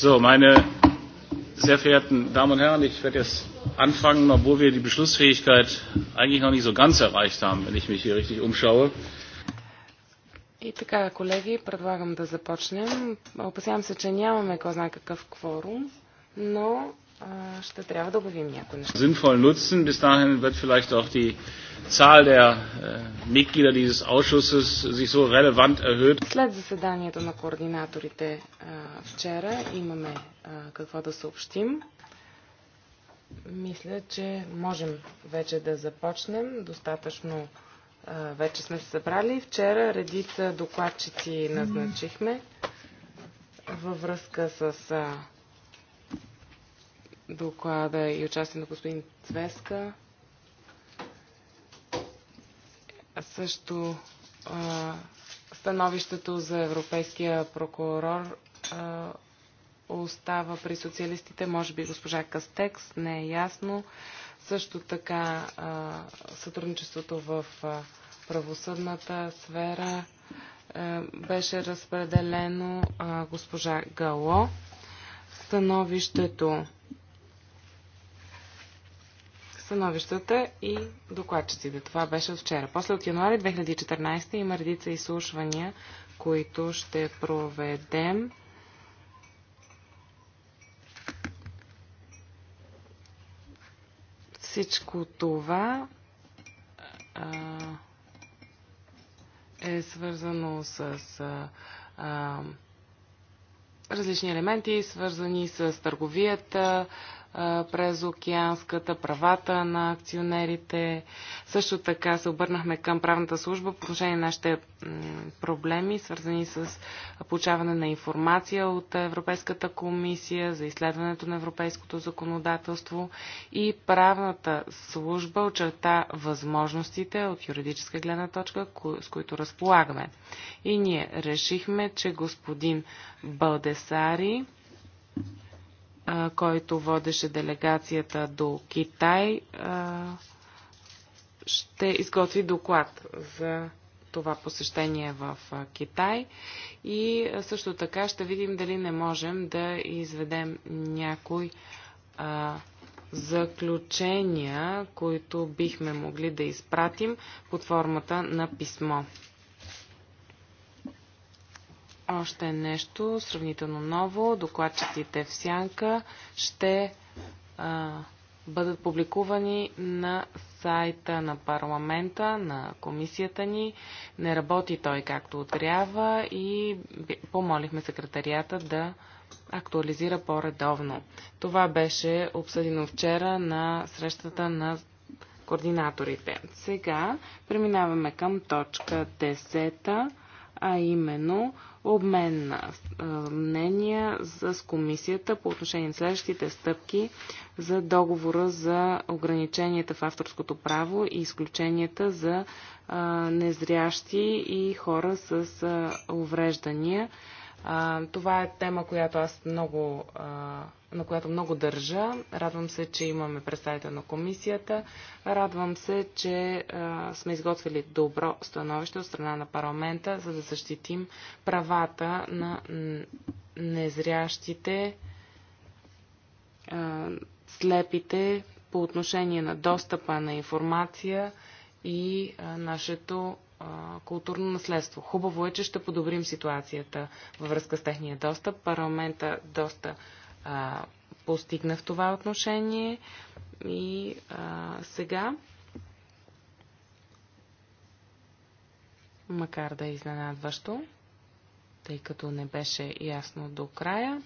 So, meine sehr verehrten Damen und Herren, ich werde jetzt anfangen, obwohl wir die Beschlussfähigkeit eigentlich noch nicht so ganz erreicht haben, wenn ich mich hier richtig umschaue. И така, колеги, предлагам да започнем. Опасявам се, че нямаме кой знае какъв кворум, но ще трябва да обявим някои неща. Sinnvoll nutzen. Bis dahin wird vielleicht auch die Zahl der äh, Mitglieder dieses Ausschusses sich so relevant erhöht. След заседанието на координаторите вчера имаме какво да съобщим. Мисля, че можем вече да започнем. Достатъчно вече сме се събрали. Вчера редица докладчици назначихме във връзка с доклада и участие на господин Цвеска. Също а, становището за европейския прокурор а, остава при социалистите, може би госпожа Кастекс, не е ясно. Също така а, сътрудничеството в а, правосъдната сфера а, беше разпределено а, госпожа Гало. Становището становищата и докладчиците. Това беше от вчера. После от януари 2014 има редица изслушвания, които ще проведем. Всичко това а, е свързано с а, а, различни елементи, свързани с търговията, а, през океанската, правата на акционерите. Също така се обърнахме към правната служба по отношение на нашите проблеми, свързани с получаване на информация от Европейската комисия за изследването на европейското законодателство и правната служба очерта възможностите от юридическа гледна точка, с които разполагаме. И ние решихме, че господин Балдесари, който водеше делегацията до Китай, ще изготви доклад за това посещение в Китай и също така ще видим дали не можем да изведем някои заключения, които бихме могли да изпратим под формата на писмо. Още нещо сравнително ново. Докладчиците в Сянка ще а, бъдат публикувани на сайта на парламента, на комисията ни. Не работи той както трябва и помолихме секретарията да актуализира по-редовно. Това беше обсъдено вчера на срещата на координаторите. Сега преминаваме към точка 10 а именно обмен на мнения с комисията по отношение на следващите стъпки за договора за ограниченията в авторското право и изключенията за незрящи и хора с увреждания а, това е тема, която аз много, а, на която много държа. Радвам се, че имаме представител на комисията. Радвам се, че а, сме изготвили добро становище от страна на парламента, за да защитим правата на незрящите, а, слепите по отношение на достъпа на информация и а, нашето културно наследство. Хубаво е, че ще подобрим ситуацията във връзка с техния достъп. Парламента доста а, постигна в това отношение и а, сега, макар да е изненадващо, тъй като не беше ясно до края,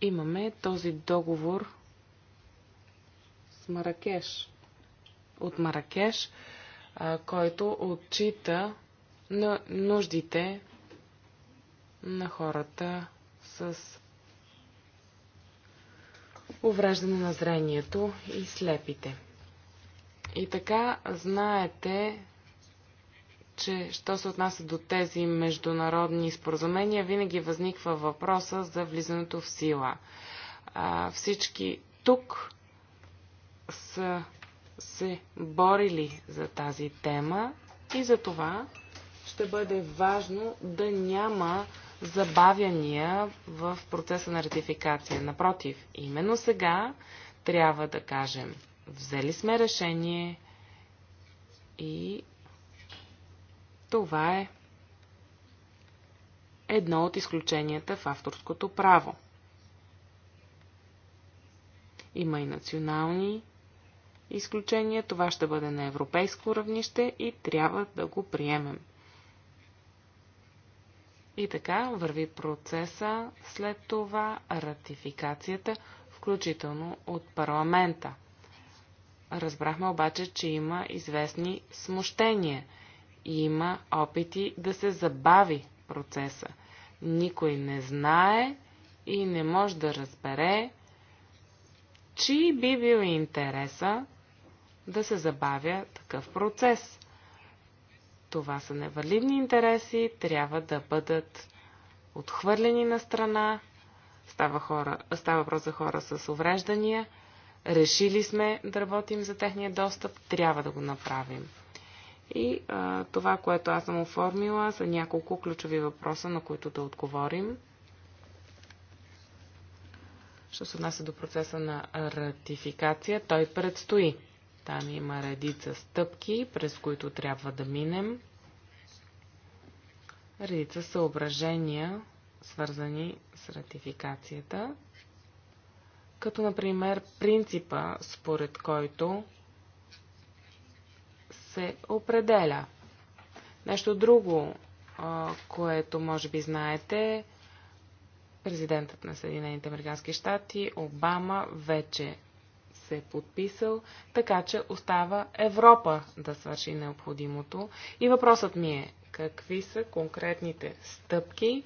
имаме този договор с Маракеш. От Маракеш, който отчита на нуждите на хората с увреждане на зрението и слепите. И така знаете, че що се отнася до тези международни споразумения, винаги възниква въпроса за влизането в сила. А, всички тук са се борили за тази тема и за това ще бъде важно да няма забавяния в процеса на ратификация. Напротив, именно сега трябва да кажем, взели сме решение и това е едно от изключенията в авторското право. Има и национални изключение. Това ще бъде на европейско равнище и трябва да го приемем. И така върви процеса след това ратификацията, включително от парламента. Разбрахме обаче, че има известни смущения и има опити да се забави процеса. Никой не знае и не може да разбере, чи би бил интереса да се забавя такъв процес. Това са невалидни интереси, трябва да бъдат отхвърлени на страна. Става, хора, става въпрос за хора с увреждания. Решили сме да работим за техния достъп, трябва да го направим. И а, това, което аз съм оформила, са няколко ключови въпроса, на които да отговорим. Що се отнася до процеса на ратификация, той предстои. Там има редица стъпки, през които трябва да минем. Редица съображения, свързани с ратификацията, като например принципа, според който се определя. Нещо друго, което може би знаете, президентът на Съединените Американски щати Обама вече се е подписал, така че остава Европа да свърши необходимото. И въпросът ми е, какви са конкретните стъпки,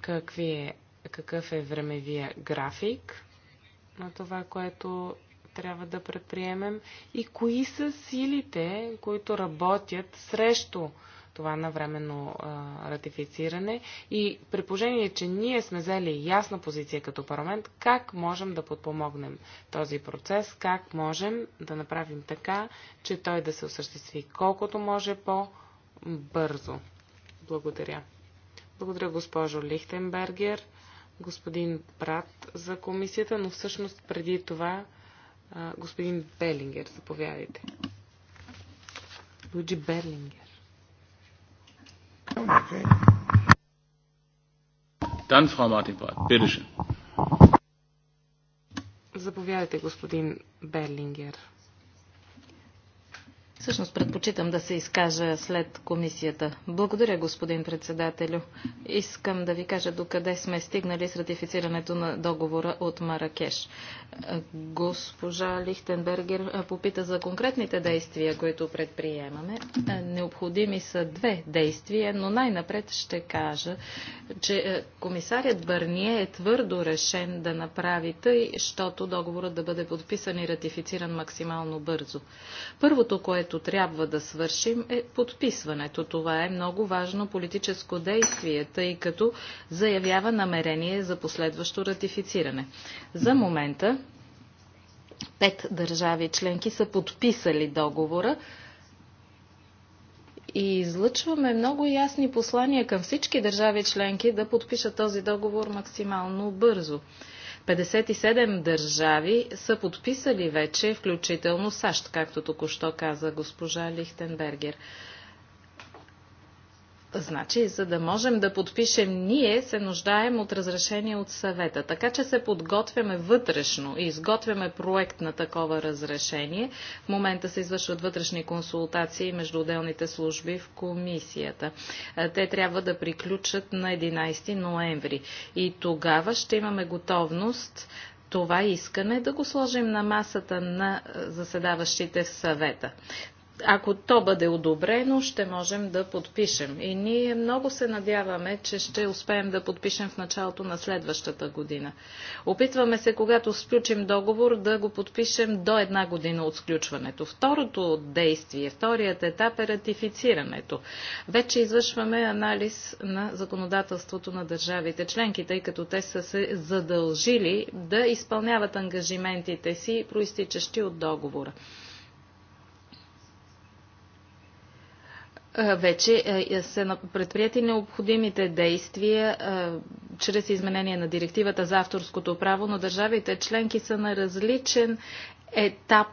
какви е, какъв е времевия график на това, което трябва да предприемем и кои са силите, които работят срещу това навременно ратифициране. И при положение, че ние сме взели ясна позиция като парламент, как можем да подпомогнем този процес, как можем да направим така, че той да се осъществи колкото може по-бързо. Благодаря. Благодаря, госпожо Лихтенбергер, господин Брат за комисията, но всъщност преди това господин Белингер, заповядайте. Луджи Берлингер. Okay. Dann Frau Martin-Breit, bitteschön. Заповядайте, господин Берлингер. Всъщност предпочитам да се изкажа след комисията. Благодаря, господин председателю. Искам да ви кажа докъде сме стигнали с ратифицирането на договора от Маракеш. Госпожа Лихтенбергер попита за конкретните действия, които предприемаме. Необходими са две действия, но най-напред ще кажа, че комисарят Бърние е твърдо решен да направи тъй, щото договорът да бъде подписан и ратифициран максимално бързо. Първото, което което трябва да свършим е подписването. Това е много важно политическо действие, тъй като заявява намерение за последващо ратифициране. За момента пет държави членки са подписали договора и излъчваме много ясни послания към всички държави членки да подпишат този договор максимално бързо. 57 държави са подписали вече, включително САЩ, както току-що каза госпожа Лихтенбергер. Значи, за да можем да подпишем ние, се нуждаем от разрешение от съвета. Така че се подготвяме вътрешно и изготвяме проект на такова разрешение. В момента се извършват вътрешни консултации между отделните служби в комисията. Е, те трябва да приключат на 11 ноември. И тогава ще имаме готовност това искане да го сложим на масата на е, заседаващите в съвета ако то бъде одобрено, ще можем да подпишем. И ние много се надяваме, че ще успеем да подпишем в началото на следващата година. Опитваме се, когато сключим договор, да го подпишем до една година от сключването. Второто действие, вторият етап е ратифицирането. Вече извършваме анализ на законодателството на държавите членки, тъй като те са се задължили да изпълняват ангажиментите си, проистичащи от договора. вече са предприяти необходимите действия чрез изменение на директивата за авторското право, но държавите членки са на различен етап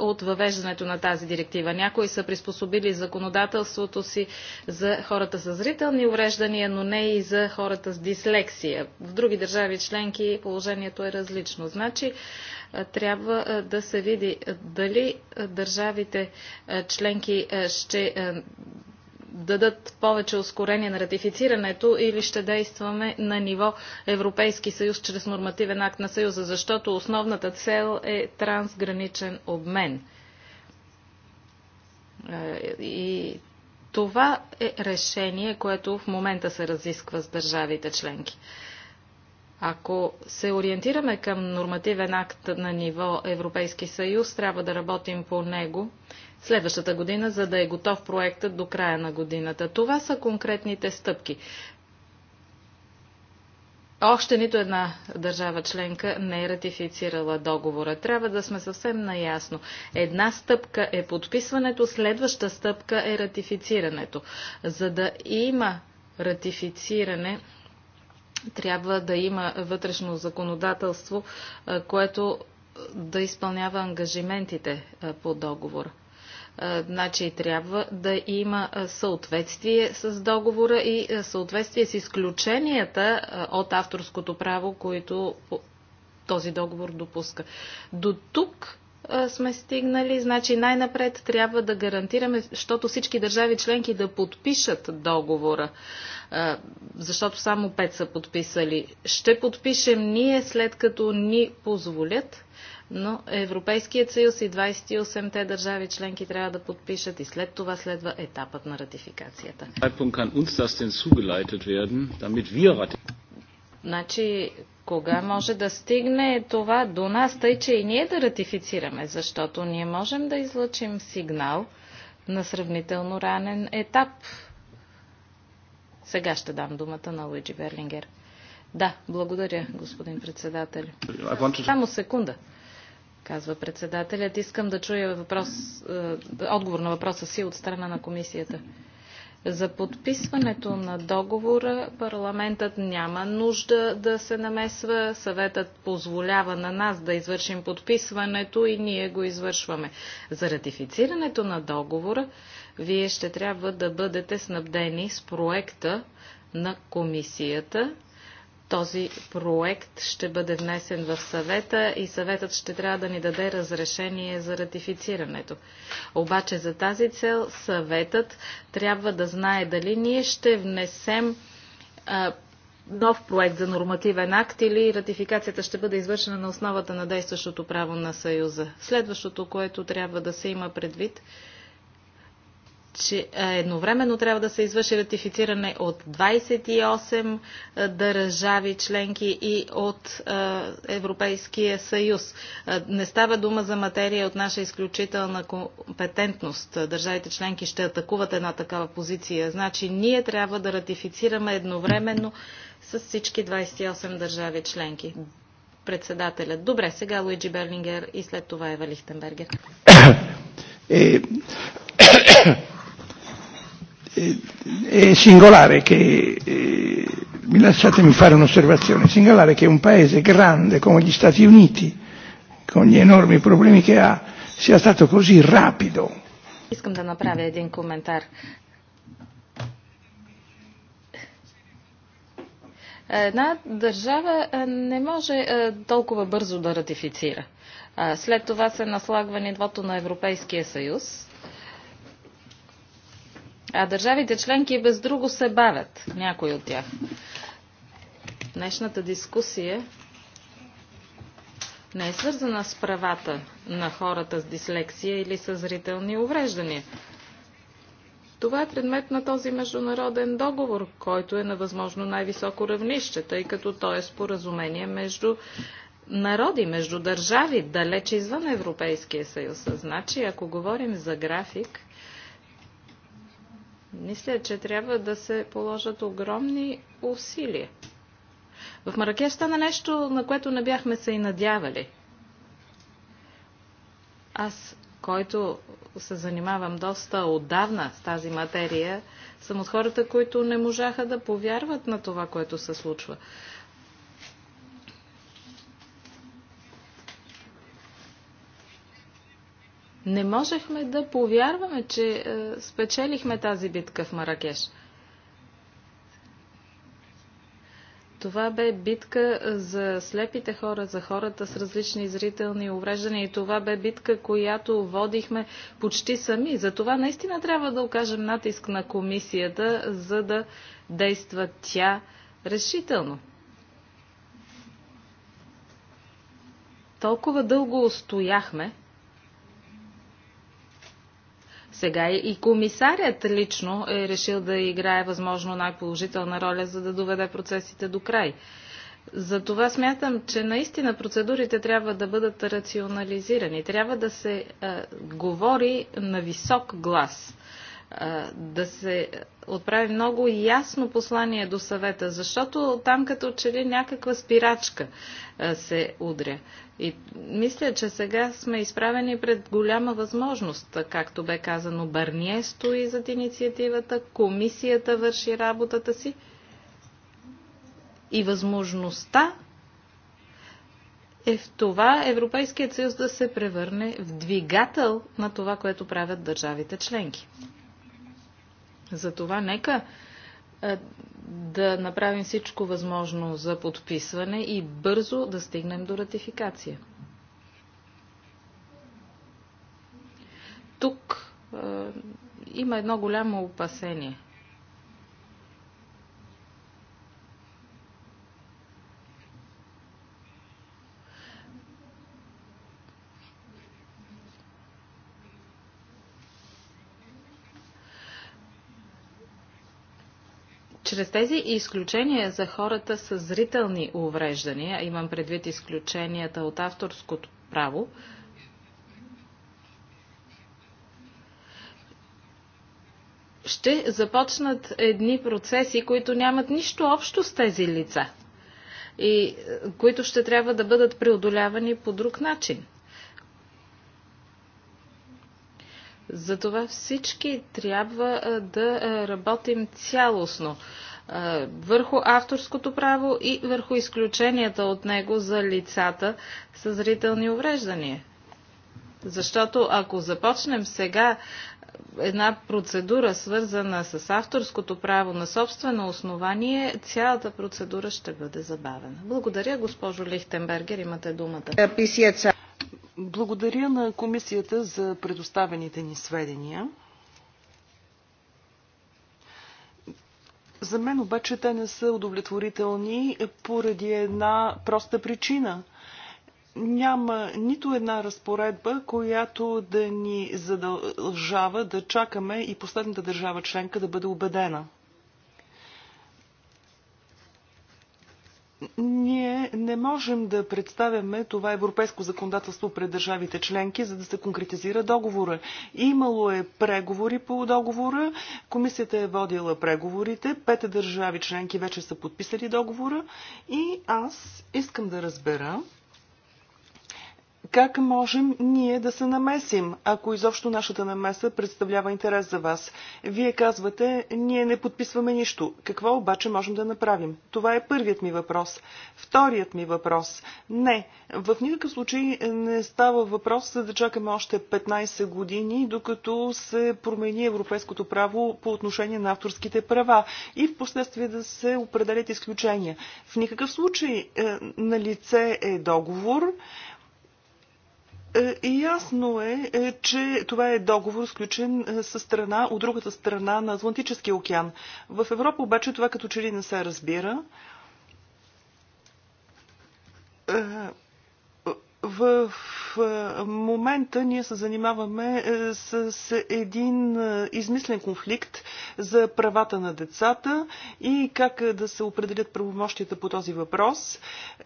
от въвеждането на тази директива. Някои са приспособили законодателството си за хората с зрителни увреждания, но не и за хората с дислексия. В други държави членки положението е различно. Значи, трябва да се види дали държавите членки ще дадат повече ускорение на ратифицирането или ще действаме на ниво Европейски съюз чрез нормативен акт на съюза, защото основната цел е трансграничен обмен. И това е решение, което в момента се разисква с държавите членки. Ако се ориентираме към нормативен акт на ниво Европейски съюз, трябва да работим по него следващата година, за да е готов проектът до края на годината. Това са конкретните стъпки. Още нито една държава членка не е ратифицирала договора. Трябва да сме съвсем наясно. Една стъпка е подписването, следваща стъпка е ратифицирането. За да има ратифициране, трябва да има вътрешно законодателство, което да изпълнява ангажиментите по договор. Значи трябва да има съответствие с договора и съответствие с изключенията от авторското право, които този договор допуска. До тук сме стигнали. Значи най-напред трябва да гарантираме, защото всички държави членки да подпишат договора, защото само пет са подписали. Ще подпишем ние след като ни позволят, но Европейският съюз и 28-те държави членки трябва да подпишат и след това следва етапът на ратификацията. Значи кога може да стигне това до нас, тъй че и ние да ратифицираме, защото ние можем да излъчим сигнал на сравнително ранен етап. Сега ще дам думата на Луиджи Берлингер. Да, благодаря, господин председател. Само секунда, казва председателят. Искам да чуя въпрос, е, отговор на въпроса си от страна на комисията. За подписването на договора парламентът няма нужда да се намесва. Съветът позволява на нас да извършим подписването и ние го извършваме. За ратифицирането на договора вие ще трябва да бъдете снабдени с проекта на комисията този проект ще бъде внесен в съвета и съветът ще трябва да ни даде разрешение за ратифицирането. Обаче за тази цел съветът трябва да знае дали ние ще внесем нов проект за нормативен акт или ратификацията ще бъде извършена на основата на действащото право на Съюза. Следващото, което трябва да се има предвид, че е, едновременно трябва да се извърши ратифициране от 28 е, държави членки и от е, Европейския съюз. Не става дума за материя от наша изключителна компетентност. Държавите членки ще атакуват една такава позиция. Значи ние трябва да ратифицираме едновременно с всички 28 държави членки. Председателя, Добре, сега Луиджи Берлингер и след това Ева Лихтенбергер è singolare che, eh, lasciatemi fare un'osservazione, è singolare che un paese grande come gli Stati Uniti, con gli enormi problemi che ha, sia stato così rapido. Една държава не може толкова бързо да ратифицира. След това се наслагва нивото на Европейския съюз а държавите членки без друго се бавят, някои от тях. Днешната дискусия не е свързана с правата на хората с дислексия или с зрителни увреждания. Това е предмет на този международен договор, който е на възможно най-високо равнище, тъй като то е споразумение между народи, между държави, далеч извън Европейския съюз. Значи, ако говорим за график, мисля, че трябва да се положат огромни усилия. В Маракеш стана нещо, на което не бяхме се и надявали. Аз, който се занимавам доста отдавна с тази материя, съм от хората, които не можаха да повярват на това, което се случва. Не можехме да повярваме, че е, спечелихме тази битка в Маракеш. Това бе битка е, за слепите хора, за хората с различни зрителни увреждания и това бе битка, която водихме почти сами. За това наистина трябва да окажем натиск на комисията, за да действа тя решително. Толкова дълго стояхме. Сега и комисарят лично е решил да играе възможно най-положителна роля, за да доведе процесите до край. Затова смятам, че наистина процедурите трябва да бъдат рационализирани. Трябва да се а, говори на висок глас да се отправи много ясно послание до съвета, защото там като че ли някаква спирачка се удря. И мисля, че сега сме изправени пред голяма възможност, както бе казано, Барние стои зад инициативата, комисията върши работата си и възможността е в това Европейският съюз да се превърне в двигател на това, което правят държавите членки. Затова нека е, да направим всичко възможно за подписване и бързо да стигнем до ратификация. Тук е, има едно голямо опасение – чрез тези изключения за хората с зрителни увреждания, имам предвид изключенията от авторското право, ще започнат едни процеси, които нямат нищо общо с тези лица и е, които ще трябва да бъдат преодолявани по друг начин. Затова всички трябва е, да е, работим цялостно върху авторското право и върху изключенията от него за лицата с зрителни увреждания. Защото ако започнем сега една процедура, свързана с авторското право на собствено основание, цялата процедура ще бъде забавена. Благодаря, госпожо Лихтенбергер, имате думата. Благодаря на комисията за предоставените ни сведения. За мен обаче те не са удовлетворителни поради една проста причина. Няма нито една разпоредба, която да ни задължава да чакаме и последната държава членка да бъде убедена. Ние не можем да представяме това европейско законодателство пред държавите членки, за да се конкретизира договора. Имало е преговори по договора, комисията е водила преговорите, Пете държави членки вече са подписали договора и аз искам да разбера как можем ние да се намесим, ако изобщо нашата намеса представлява интерес за вас? Вие казвате, ние не подписваме нищо. Какво обаче можем да направим? Това е първият ми въпрос. Вторият ми въпрос. Не, в никакъв случай не става въпрос за да чакаме още 15 години, докато се промени европейското право по отношение на авторските права и в последствие да се определят изключения. В никакъв случай е, на лице е договор, е, ясно е, е, че това е договор, сключен е, със страна, от другата страна на Атлантическия океан. В Европа обаче това като че ли не се разбира в момента ние се занимаваме е, с един е, измислен конфликт за правата на децата и как е, да се определят правомощията по този въпрос.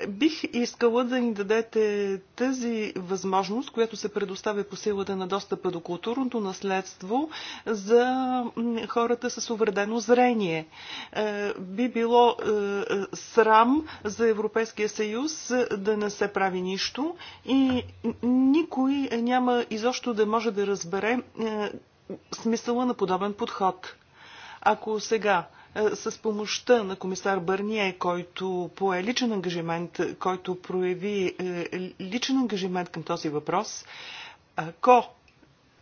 Бих искала да ни дадете тази възможност, която се предоставя по силата на достъпа до културното наследство за хората с увредено зрение. Би било срам за Европейския съюз да не се прави нищо и никой няма изобщо да може да разбере е, смисъла на подобен подход. Ако сега е, с помощта на комисар Бърние, който пое личен ангажимент, който прояви е, личен ангажимент към този въпрос, ако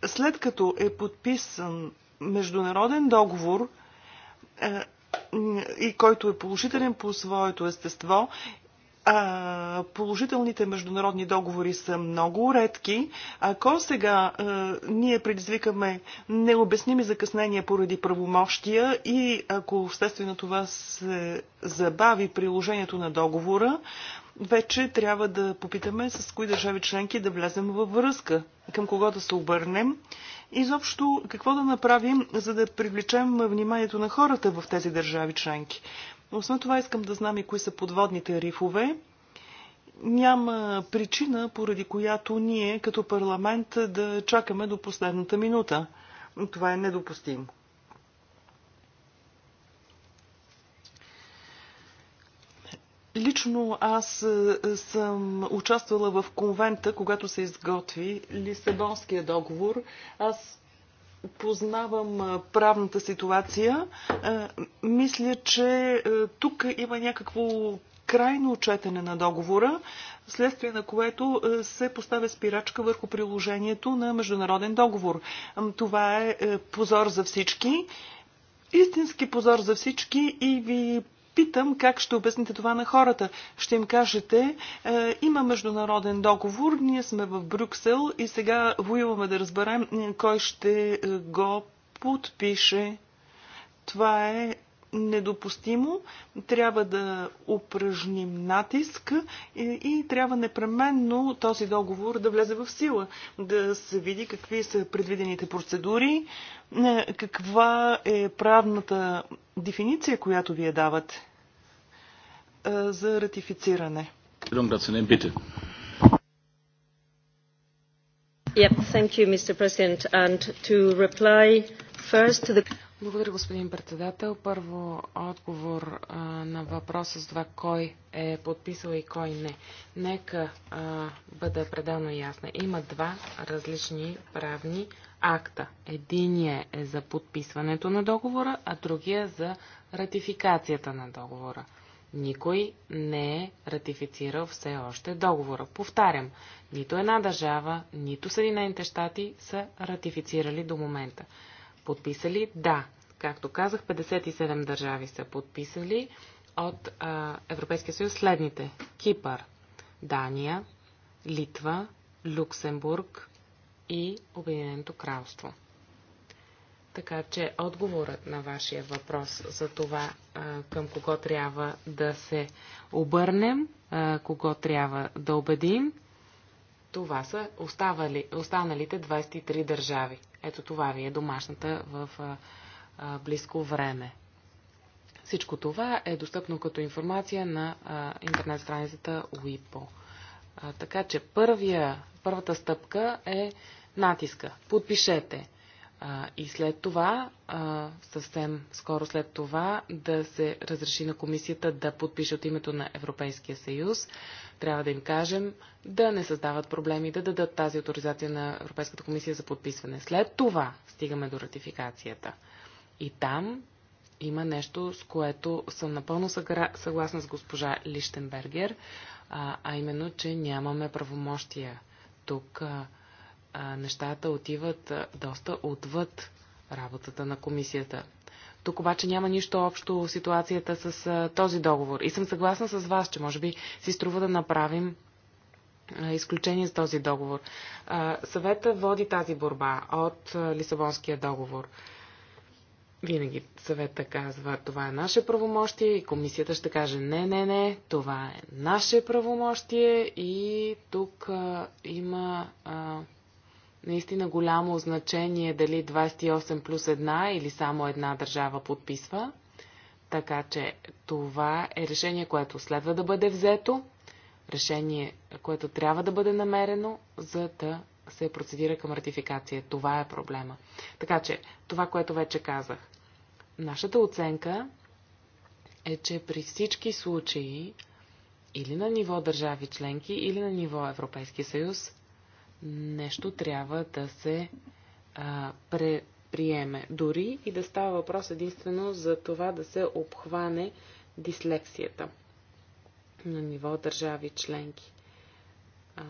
след като е подписан международен договор и който е положителен по своето естество а, положителните международни договори са много редки. Ако сега а, ние предизвикаме необясними закъснения поради правомощия и ако вследствие на това се забави приложението на договора, вече трябва да попитаме с кои държави членки да влезем във връзка, към кого да се обърнем. Изобщо какво да направим, за да привлечем вниманието на хората в тези държави членки. Освен това искам да знам и кои са подводните рифове. Няма причина, поради която ние като парламент да чакаме до последната минута. Това е недопустимо. Лично аз е, съм участвала в конвента, когато се изготви Лисабонския договор. Аз познавам правната ситуация. Мисля, че тук има някакво крайно отчетене на договора, следствие на което се поставя спирачка върху приложението на международен договор. Това е позор за всички истински позор за всички и ви питам как ще обясните това на хората. Ще им кажете, е, има международен договор, ние сме в Брюксел и сега воюваме да разберем е, кой ще е, го подпише. Това е недопустимо, трябва да упражним натиск и, е, и трябва непременно този договор да влезе в сила, да се види какви са предвидените процедури, каква е правната дефиниция, която вие давате. Е, за ратифициране. Благодаря, господин председател. Първо отговор на въпроса с това кой е подписал и кой не. Нека бъда пределно ясна. Има два различни правни акта. Единия е за подписването на договора, а другия за ратификацията на договора. Никой не е ратифицирал все още договора. Повтарям, нито една държава, нито Съединените щати са ратифицирали до момента. Подписали? Да. Както казах, 57 държави са подписали от а, Европейския съюз следните. Кипър, Дания, Литва, Люксембург и Обединеното кралство. Така че отговорът на вашия въпрос за това към кого трябва да се обърнем, кого трябва да убедим, това са оставали, останалите 23 държави. Ето това ви е домашната в близко време. Всичко това е достъпно като информация на интернет страницата WIPO. така че първия, първата стъпка е натиска. Подпишете а, и след това, а, съвсем скоро след това, да се разреши на комисията да подпише от името на Европейския съюз. Трябва да им кажем да не създават проблеми, да дадат тази авторизация на Европейската комисия за подписване. След това стигаме до ратификацията. И там има нещо, с което съм напълно съгласна с госпожа Лищенбергер, а, а именно, че нямаме правомощия тук. А, а, нещата отиват а, доста отвъд работата на комисията. Тук обаче няма нищо общо ситуацията с а, този договор. И съм съгласна с вас, че може би си струва да направим а, изключение с този договор. А, съвета води тази борба от а, Лисабонския договор. Винаги съвета казва, това е наше правомощие и комисията ще каже, не, не, не, това е наше правомощие и тук а, има. А, наистина голямо значение дали 28 плюс една или само една държава подписва. Така че това е решение, което следва да бъде взето, решение, което трябва да бъде намерено, за да се процедира към ратификация. Това е проблема. Така че, това, което вече казах. Нашата оценка е, че при всички случаи, или на ниво държави членки, или на ниво Европейски съюз, нещо трябва да се а, пре, приеме. Дори и да става въпрос единствено за това да се обхване дислексията на ниво държави членки. А,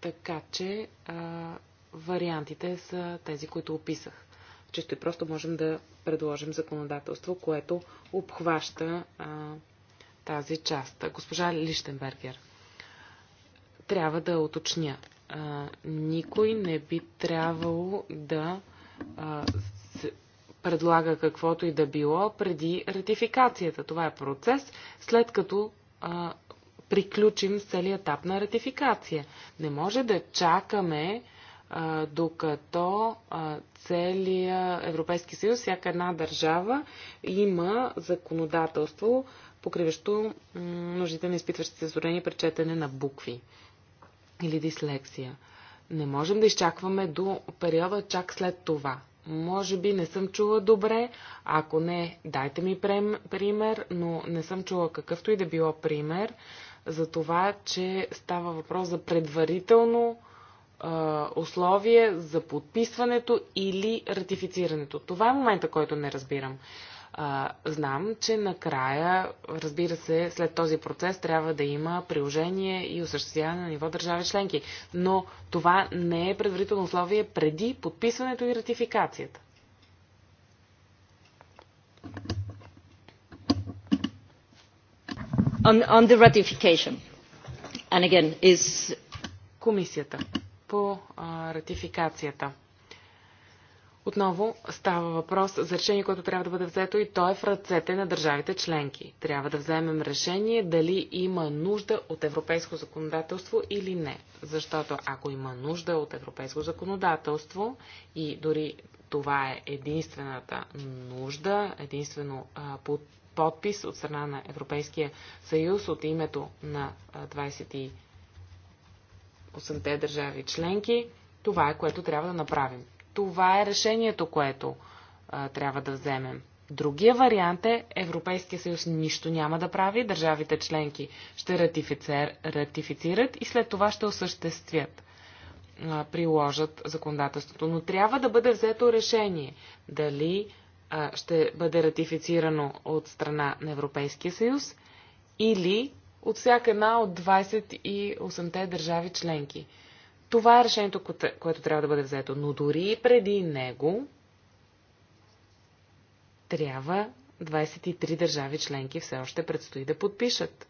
така че а, вариантите са тези, които описах. Чисто и просто можем да предложим законодателство, което обхваща а, тази част. Госпожа Лиштенбергер трябва да уточня. А, никой не би трябвало да а, се предлага каквото и да било преди ратификацията. Това е процес, след като а, приключим с целият етап на ратификация. Не може да чакаме а, докато а, целият Европейски съюз, всяка една държава има законодателство, покриващо нуждите на изпитващите се при четене на букви или дислексия. Не можем да изчакваме до периода чак след това. Може би не съм чула добре, ако не, дайте ми пример, но не съм чула какъвто и да било пример за това, че става въпрос за предварително а, условие за подписването или ратифицирането. Това е момента, който не разбирам а, знам, че накрая, разбира се, след този процес трябва да има приложение и осъществяване на ниво държави членки. Но това не е предварително условие преди подписването и ратификацията. On, on the ratification. And again, is... Комисията по а, ратификацията. Отново става въпрос за решение, което трябва да бъде взето и то е в ръцете на държавите членки. Трябва да вземем решение дали има нужда от европейско законодателство или не. Защото ако има нужда от европейско законодателство и дори това е единствената нужда, единствено а, под, подпис от страна на Европейския съюз от името на 28-те държави членки, това е което трябва да направим това е решението, което а, трябва да вземем. Другия вариант е Европейския съюз нищо няма да прави, държавите членки ще ратифицер, ратифицират и след това ще осъществят, а, приложат законодателството. Но трябва да бъде взето решение дали а, ще бъде ратифицирано от страна на Европейския съюз или от всяка една от 28-те държави членки. Това е решението, което трябва да бъде взето. Но дори преди него трябва 23 държави членки все още предстои да подпишат.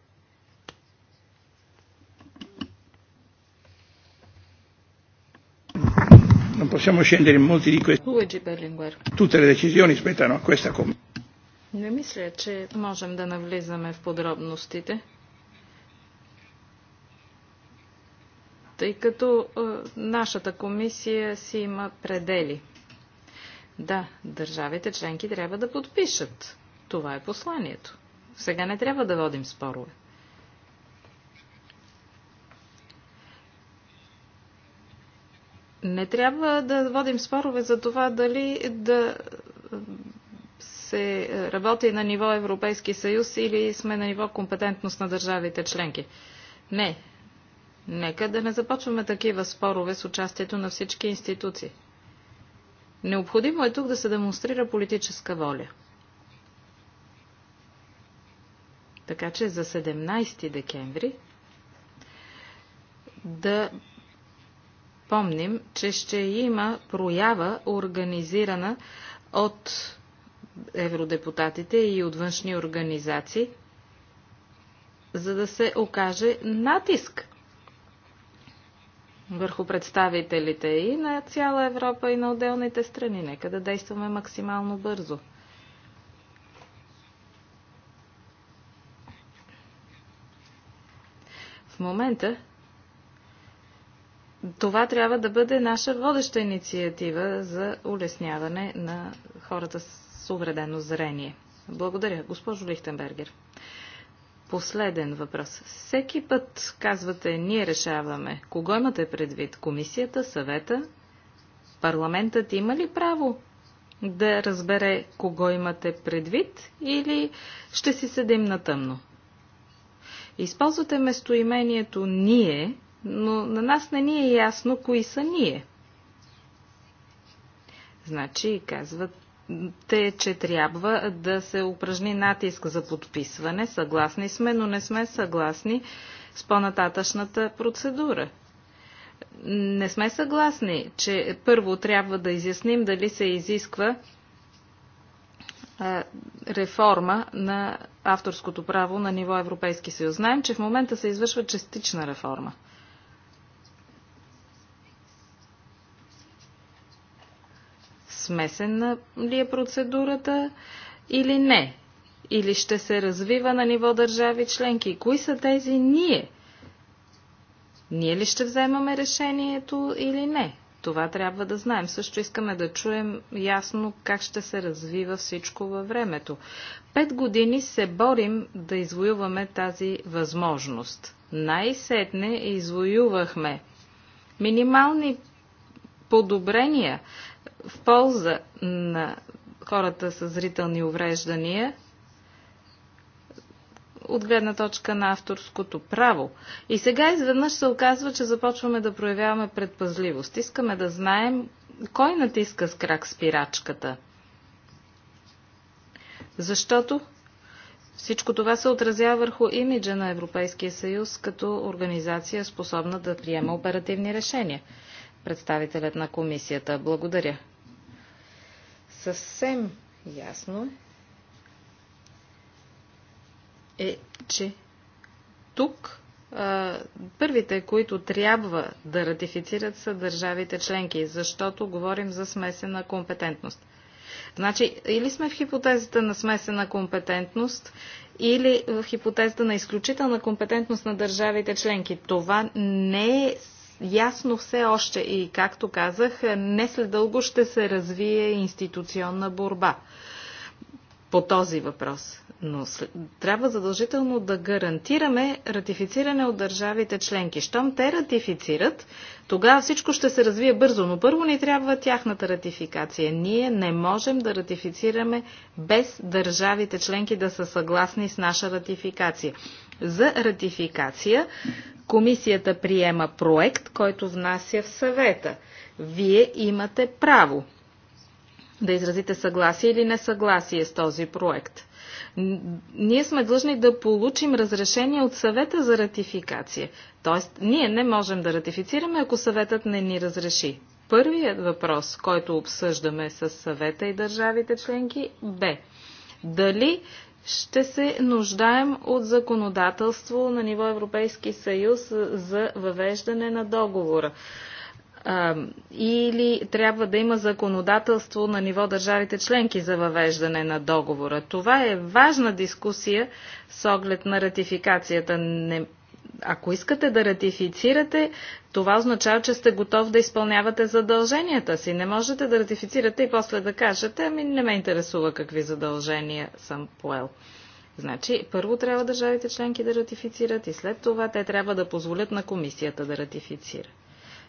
Non possiamo scendere in molti di questi. Tutte le decisioni a questa Не мисля, че можем да навлизаме в подробностите. тъй като е, нашата комисия си има предели. Да, държавите членки трябва да подпишат. Това е посланието. Сега не трябва да водим спорове. Не трябва да водим спорове за това дали да е, се работи на ниво Европейски съюз или сме на ниво компетентност на държавите членки. Не, Нека да не започваме такива спорове с участието на всички институции. Необходимо е тук да се демонстрира политическа воля. Така че за 17 декември да помним, че ще има проява, организирана от евродепутатите и от външни организации, за да се окаже натиск върху представителите и на цяла Европа, и на отделните страни. Нека да действаме максимално бързо. В момента това трябва да бъде наша водеща инициатива за улесняване на хората с увредено зрение. Благодаря, госпожо Лихтенбергер последен въпрос. Всеки път казвате, ние решаваме. Кого имате предвид? Комисията, съвета? Парламентът има ли право да разбере кого имате предвид или ще си седим на тъмно? Използвате местоимението «ние», но на нас не ни е ясно кои са ние. Значи, казват, те, че трябва да се упражни натиск за подписване. Съгласни сме, но не сме съгласни с по-нататъчната процедура. Не сме съгласни, че първо трябва да изясним дали се изисква реформа на авторското право на ниво Европейски съюз. Знаем, че в момента се извършва частична реформа – смесена ли е процедурата или не? Или ще се развива на ниво държави членки? Кои са тези ние? Ние ли ще вземаме решението или не? Това трябва да знаем. Също искаме да чуем ясно как ще се развива всичко във времето. Пет години се борим да извоюваме тази възможност. Най-сетне извоювахме минимални подобрения в полза на хората с зрителни увреждания от гледна точка на авторското право. И сега изведнъж се оказва, че започваме да проявяваме предпазливост. Искаме да знаем кой натиска с крак спирачката. Защото всичко това се отразява върху имиджа на Европейския съюз като организация, способна да приема оперативни решения. Представителят на комисията. Благодаря съвсем ясно е, че тук а, първите, които трябва да ратифицират са държавите членки, защото говорим за смесена компетентност. Значи, или сме в хипотезата на смесена компетентност, или в хипотезата на изключителна компетентност на държавите членки. Това не е ясно все още и, както казах, не след дълго ще се развие институционна борба по този въпрос но трябва задължително да гарантираме ратифициране от държавите членки. Щом те ратифицират, тогава всичко ще се развие бързо, но първо ни трябва тяхната ратификация. Ние не можем да ратифицираме без държавите членки да са съгласни с наша ратификация. За ратификация комисията приема проект, който внася в съвета. Вие имате право да изразите съгласие или несъгласие с този проект ние сме длъжни да получим разрешение от съвета за ратификация. Тоест, ние не можем да ратифицираме, ако съветът не ни разреши. Първият въпрос, който обсъждаме с съвета и държавите членки, бе дали ще се нуждаем от законодателство на ниво Европейски съюз за въвеждане на договора или трябва да има законодателство на ниво държавите членки за въвеждане на договора. Това е важна дискусия с оглед на ратификацията. Не, ако искате да ратифицирате, това означава, че сте готов да изпълнявате задълженията си. Не можете да ратифицирате и после да кажете, ами не ме интересува какви задължения съм поел. Значи, първо трябва държавите членки да ратифицират и след това те трябва да позволят на комисията да ратифицира.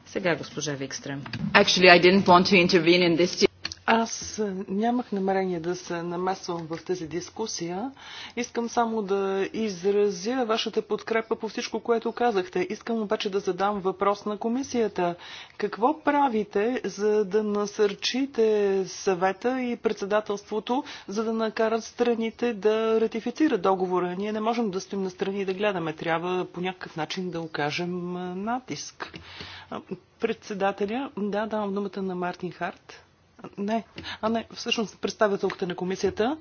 Сега госпожа Викстрем. Actually, I didn't want to intervene in this аз е, нямах намерение да се намесвам в тази дискусия. Искам само да изразя вашата подкрепа по всичко, което казахте. Искам обаче да задам въпрос на комисията. Какво правите, за да насърчите съвета и председателството, за да накарат страните да ратифицират договора? Ние не можем да стоим на страни и да гледаме. Трябва по някакъв начин да окажем е, натиск. Е, председателя, да, давам думата на Мартин Харт. Не, а не, всъщност представителката на комисията.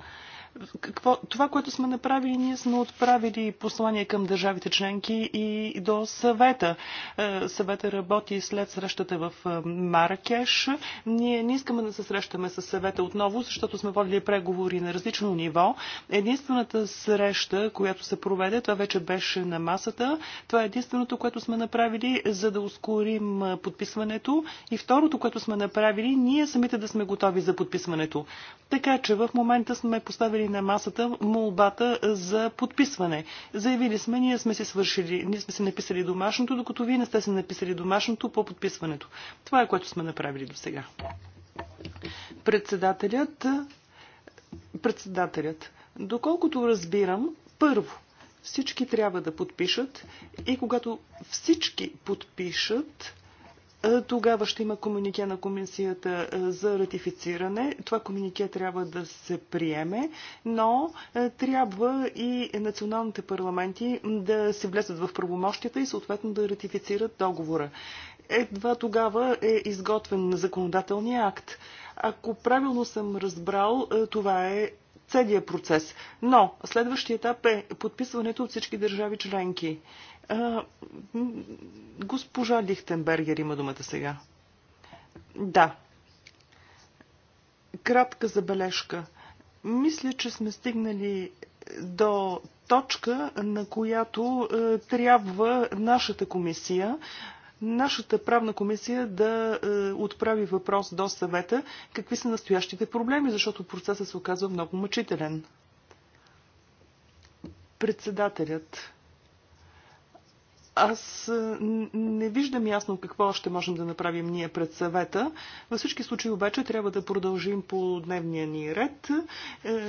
Какво, това, което сме направили, ние сме отправили послание към държавите членки и до съвета. Е, съвета работи след срещата в е, Маракеш. Ние не искаме да се срещаме с съвета отново, защото сме водили преговори на различно ниво. Единствената среща, която се проведе, това вече беше на масата. Това е единственото, което сме направили, за да ускорим е, подписването. И второто, което сме направили, ние самите да сме готови за подписването. Така че в момента сме поставили поставили на масата молбата за подписване. Заявили сме, ние сме си свършили, ние сме си написали домашното, докато вие не сте си написали домашното по подписването. Това е което сме направили до сега. Председателят, председателят, доколкото разбирам, първо, всички трябва да подпишат и когато всички подпишат, е, тогава ще има комунике на комисията е, за ратифициране. Това комунике трябва да се приеме, но е, трябва и националните парламенти да се влезат в правомощията и съответно да ратифицират договора. Едва тогава е изготвен законодателния акт. Ако правилно съм разбрал, това е целият процес. Но следващия етап е подписването от всички държави членки. Госпожа Лихтенбергер има думата сега. Да. Кратка забележка. Мисля, че сме стигнали до точка, на която е, трябва нашата комисия, нашата правна комисия да е, отправи въпрос до съвета какви са настоящите проблеми, защото процесът се оказва много мъчителен. Председателят аз не виждам ясно какво още можем да направим ние пред съвета. Във всички случаи обаче трябва да продължим по дневния ни ред. Е,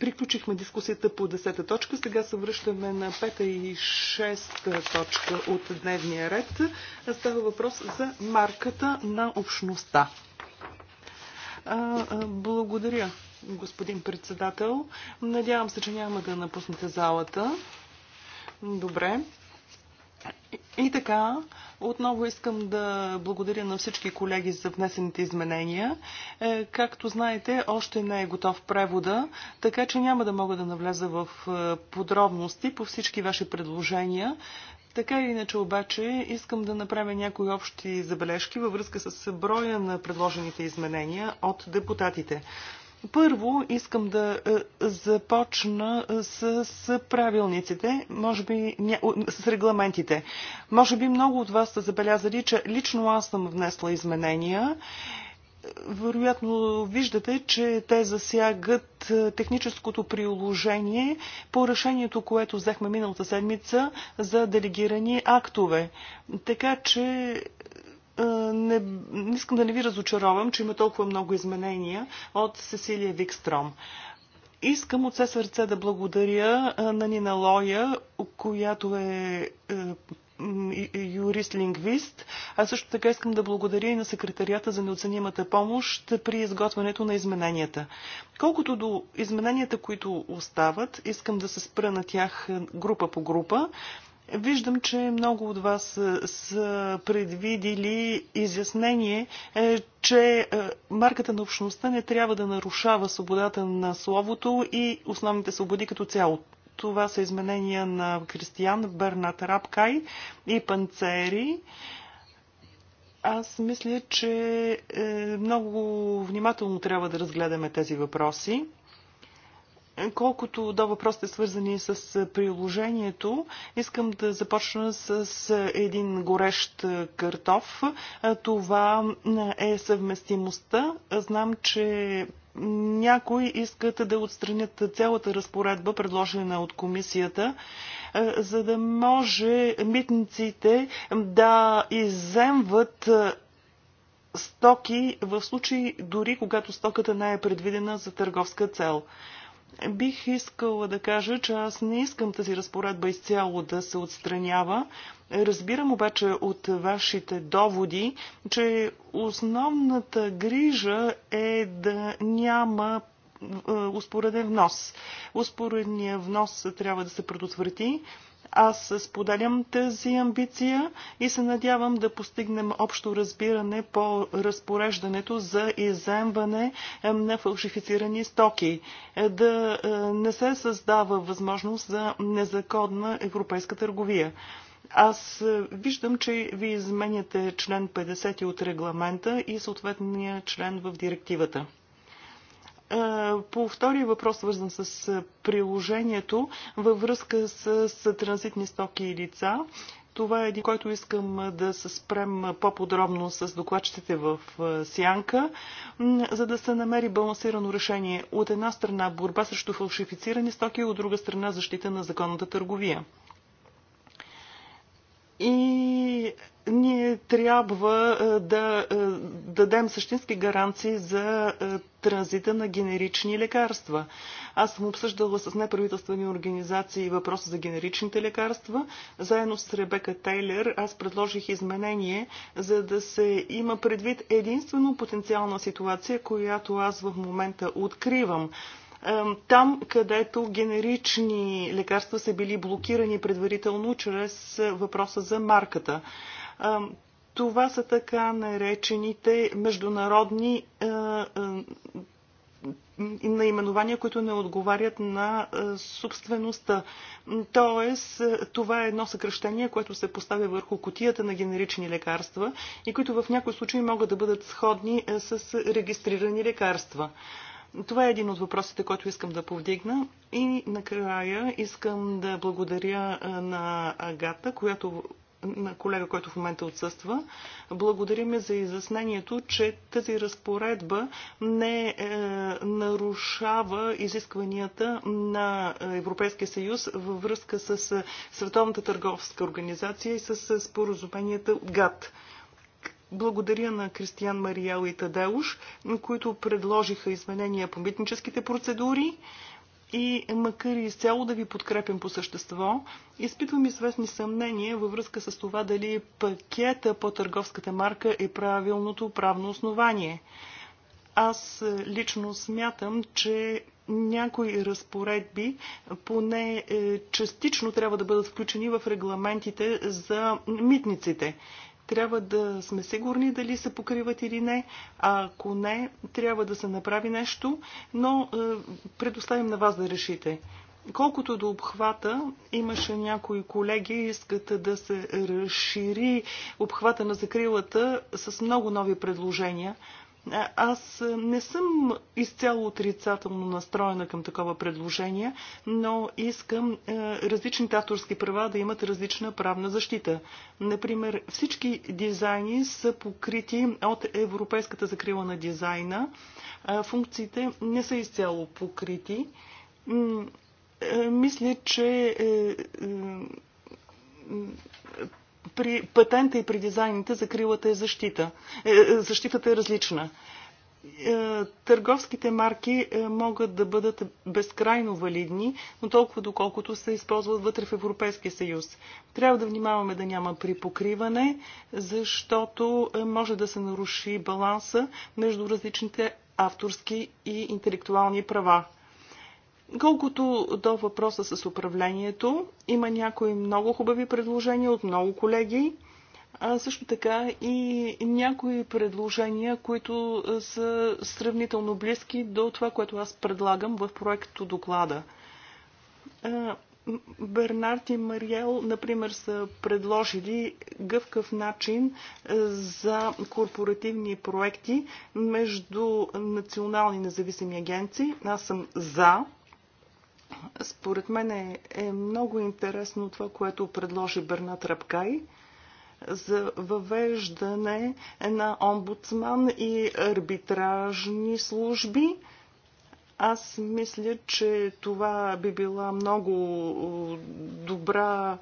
приключихме дискусията по 10 точка. Сега се връщаме на 5 и 6 точка от дневния ред. Става въпрос за марката на общността. Благодаря, господин председател. Надявам се, че няма да напуснете залата. Добре. И така, отново искам да благодаря на всички колеги за внесените изменения. Е, както знаете, още не е готов превода, така че няма да мога да навляза в е, подробности по всички ваши предложения. Така или иначе обаче искам да направя някои общи забележки във връзка с броя на предложените изменения от депутатите. Първо искам да е, започна е, с правилниците, може би с регламентите. Може би много от вас са забелязали, че лично аз съм внесла изменения. Вероятно виждате, че те засягат е, техническото приложение по решението, което взехме миналата седмица за делегирани актове. Така че не, не искам да не ви разочаровам, че има толкова много изменения от Сесилия Викстром. Искам от все сърце да благодаря на Нина Лоя, която е, е, е юрист-лингвист, а също така искам да благодаря и на секретарията за неоценимата помощ при изготвянето на измененията. Колкото до измененията, които остават, искам да се спра на тях е, група по група. Виждам, че много от вас е, са предвидили изяснение, е, че е, марката на общността не трябва да нарушава свободата на словото и основните свободи като цяло. Това са изменения на Кристиян, Бернат Рапкай и Панцери. Аз мисля, че много внимателно трябва да разгледаме тези въпроси. Колкото до въпросите свързани с приложението, искам да започна с един горещ картоф. Това е съвместимостта. Знам, че някои искат да отстранят цялата разпоредба, предложена от комисията, за да може митниците да иземват стоки в случай дори когато стоката не е предвидена за търговска цел. Бих искала да кажа, че аз не искам тази разпоредба изцяло да се отстранява. Разбирам обаче от вашите доводи, че основната грижа е да няма е, успореден внос. Успоредният внос трябва да се предотврати аз споделям тази амбиция и се надявам да постигнем общо разбиране по разпореждането за иземване е, на фалшифицирани стоки. Е, да е, не се създава възможност за незаконна европейска търговия. Аз виждам, че ви изменяте член 50 от регламента и съответния член в директивата. По втория въпрос, свързан с приложението във връзка с, с транзитни стоки и лица, това е един, който искам да се спрем по-подробно с докладчетите в Сянка, за да се намери балансирано решение. От една страна борба срещу фалшифицирани стоки, от друга страна защита на законната търговия. И ние трябва е, да е, дадем същински гаранции за е, транзита на генерични лекарства. Аз съм обсъждала с неправителствени организации въпроса за генеричните лекарства. Заедно с Ребека Тейлер аз предложих изменение, за да се има предвид единствено потенциална ситуация, която аз в момента откривам там, където генерични лекарства са били блокирани предварително чрез въпроса за марката. Това са така наречените международни е, е, наименования, които не отговарят на е, собствеността. Тоест, това е едно съкръщение, което се поставя върху котията на генерични лекарства и които в някои случаи могат да бъдат сходни с регистрирани лекарства. Това е един от въпросите, който искам да повдигна. И накрая искам да благодаря на Агата, която на колега, който в момента отсъства. Благодарим за изяснението, че тази разпоредба не е, нарушава изискванията на Европейския съюз във връзка с е, Световната търговска организация и с е, споразуменията ГАТ. Благодаря на Кристиян Мариел и Тадеуш, които предложиха изменения по митническите процедури и макар и изцяло да ви подкрепям по същество, изпитвам известни съмнения във връзка с това дали пакета по търговската марка е правилното правно основание. Аз е, лично смятам, че някои разпоредби поне е, частично трябва да бъдат включени в регламентите за митниците трябва да сме сигурни дали се покриват или не, а ако не, трябва да се направи нещо, но е, предоставим на вас да решите. Колкото до обхвата, имаше някои колеги, искат да се разшири обхвата на закрилата с много нови предложения. Е, аз не съм изцяло отрицателно настроена към такова предложение, но искам е, различните авторски права да имат различна правна защита. Например, всички дизайни са покрити от Европейската закрила на дизайна. Е, функциите не са изцяло покрити. Мисля, че при патента и при дизайните закрилата е защита. Е, е, защитата е различна. Е, търговските марки могат да бъдат безкрайно валидни, но толкова доколкото се използват вътре в Европейския съюз. Трябва да внимаваме да няма припокриване, защото може да се наруши баланса между различните авторски и интелектуални права. Колкото до въпроса с управлението, има някои много хубави предложения от много колеги, а също така и някои предложения, които са сравнително близки до това, което аз предлагам в проекто доклада. Бернард и Мариел, например, са предложили гъвкав начин за корпоративни проекти между национални независими агенции. Аз съм за според мен е, е много интересно това, което предложи Бернат Рапкай за въвеждане на омбудсман и арбитражни служби. Аз мисля, че това би била много добра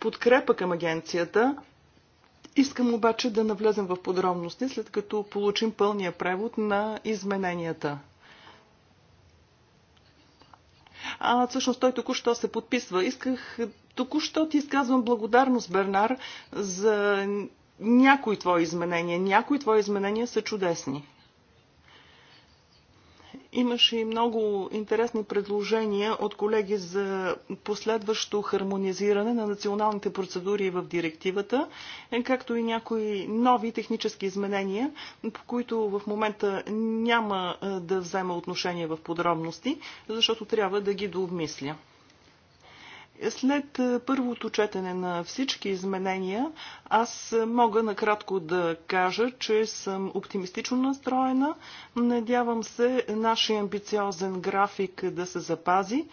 подкрепа към агенцията. Искам обаче да навлезем в подробности, след като получим пълния превод на измененията а всъщност той току-що се подписва. Исках, току-що ти изказвам благодарност, Бернар, за някои твои изменения. Някои твои изменения са чудесни. Имаше и много интересни предложения от колеги за последващо хармонизиране на националните процедури в директивата, е, както и някои нови технически изменения, по които в момента няма е, да взема отношение в подробности, защото трябва да ги дообмисля. След е, първото четене на всички изменения, аз е, мога накратко да кажа, че съм оптимистично настроена. Надявам се нашия амбициозен график да се запази.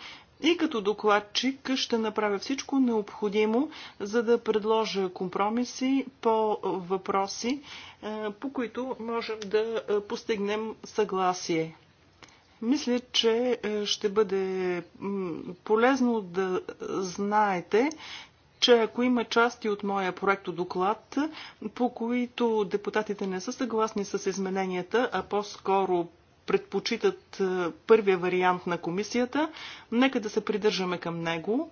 И като докладчик ще направя всичко необходимо, за да предложа компромиси по въпроси, е, по които можем да постигнем съгласие. Мисля, че е, ще бъде полезно да знаете, че ако има части от моя проекто доклад, по които депутатите не са съгласни с измененията, а по-скоро предпочитат е, първия вариант на комисията, нека да се придържаме към него.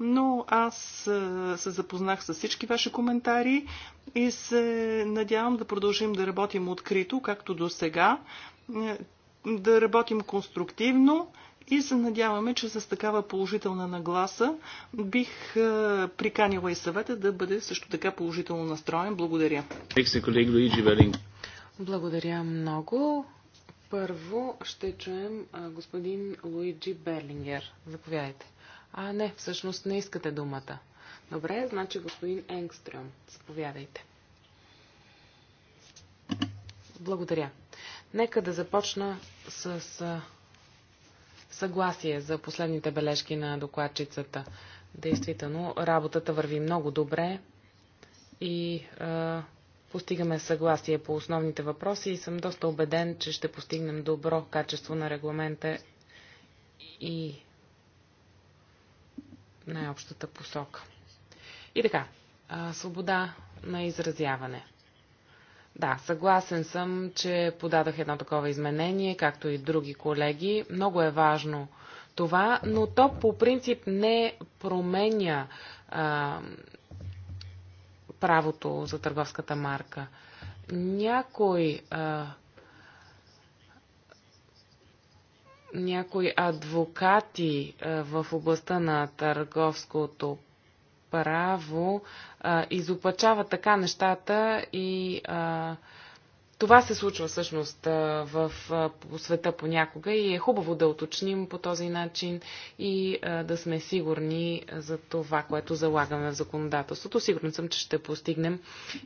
Но аз е, се запознах с всички ваши коментари и се надявам да продължим да работим открито, както до сега да работим конструктивно и се надяваме, че с такава положителна нагласа бих е, приканила и съвета да бъде също така положително настроен. Благодаря. Благодаря много. Първо ще чуем е, господин Луиджи Берлингер. Заповядайте. А, не, всъщност не искате думата. Добре, значи господин Енгстрюм. Заповядайте. Благодаря. Нека да започна с съгласие за последните бележки на докладчицата. Действително, работата върви много добре и а, постигаме съгласие по основните въпроси и съм доста убеден, че ще постигнем добро качество на регламента и най-общата посока. И така, а, свобода на изразяване – да, съгласен съм, че подадах едно такова изменение, както и други колеги. Много е важно това, но то по принцип не променя а, правото за търговската марка. Някой а, някои адвокати в областта на търговското право а, изопачава така нещата и а, това се случва всъщност в света понякога и е хубаво да уточним по този начин и да сме сигурни за това, което залагаме в законодателството. Сигурен съм, че ще постигнем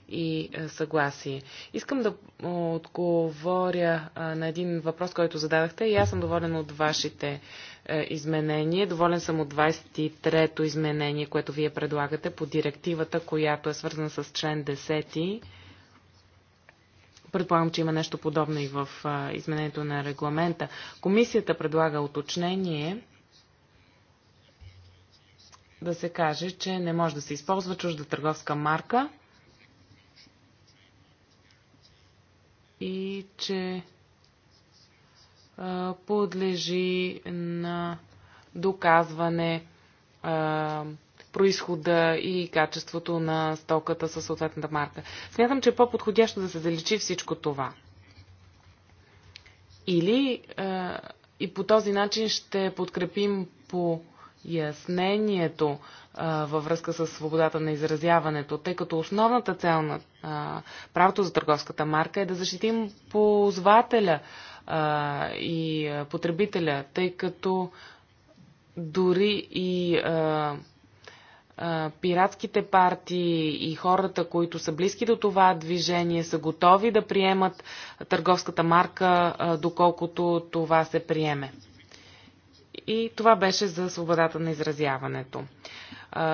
и съгласие. Искам да отговоря на един въпрос, който зададахте и аз съм доволен от вашите е, изменение. Доволен съм от 23-то изменение, което вие предлагате по директивата, която е свързана с член 10. Предполагам, че има нещо подобно и в е, изменението на регламента. Комисията предлага уточнение да се каже, че не може да се използва чужда търговска марка и че подлежи на доказване а, происхода и качеството на стоката със съответната марка. Смятам, че е по-подходящо да се заличи всичко това. Или а, и по този начин ще подкрепим по яснението а, във връзка с свободата на изразяването, тъй като основната цел на а, правото за търговската марка е да защитим ползвателя а, и потребителя, тъй като дори и а, а, пиратските партии и хората, които са близки до това движение, са готови да приемат търговската марка, а, доколкото това се приеме. И това беше за свободата на изразяването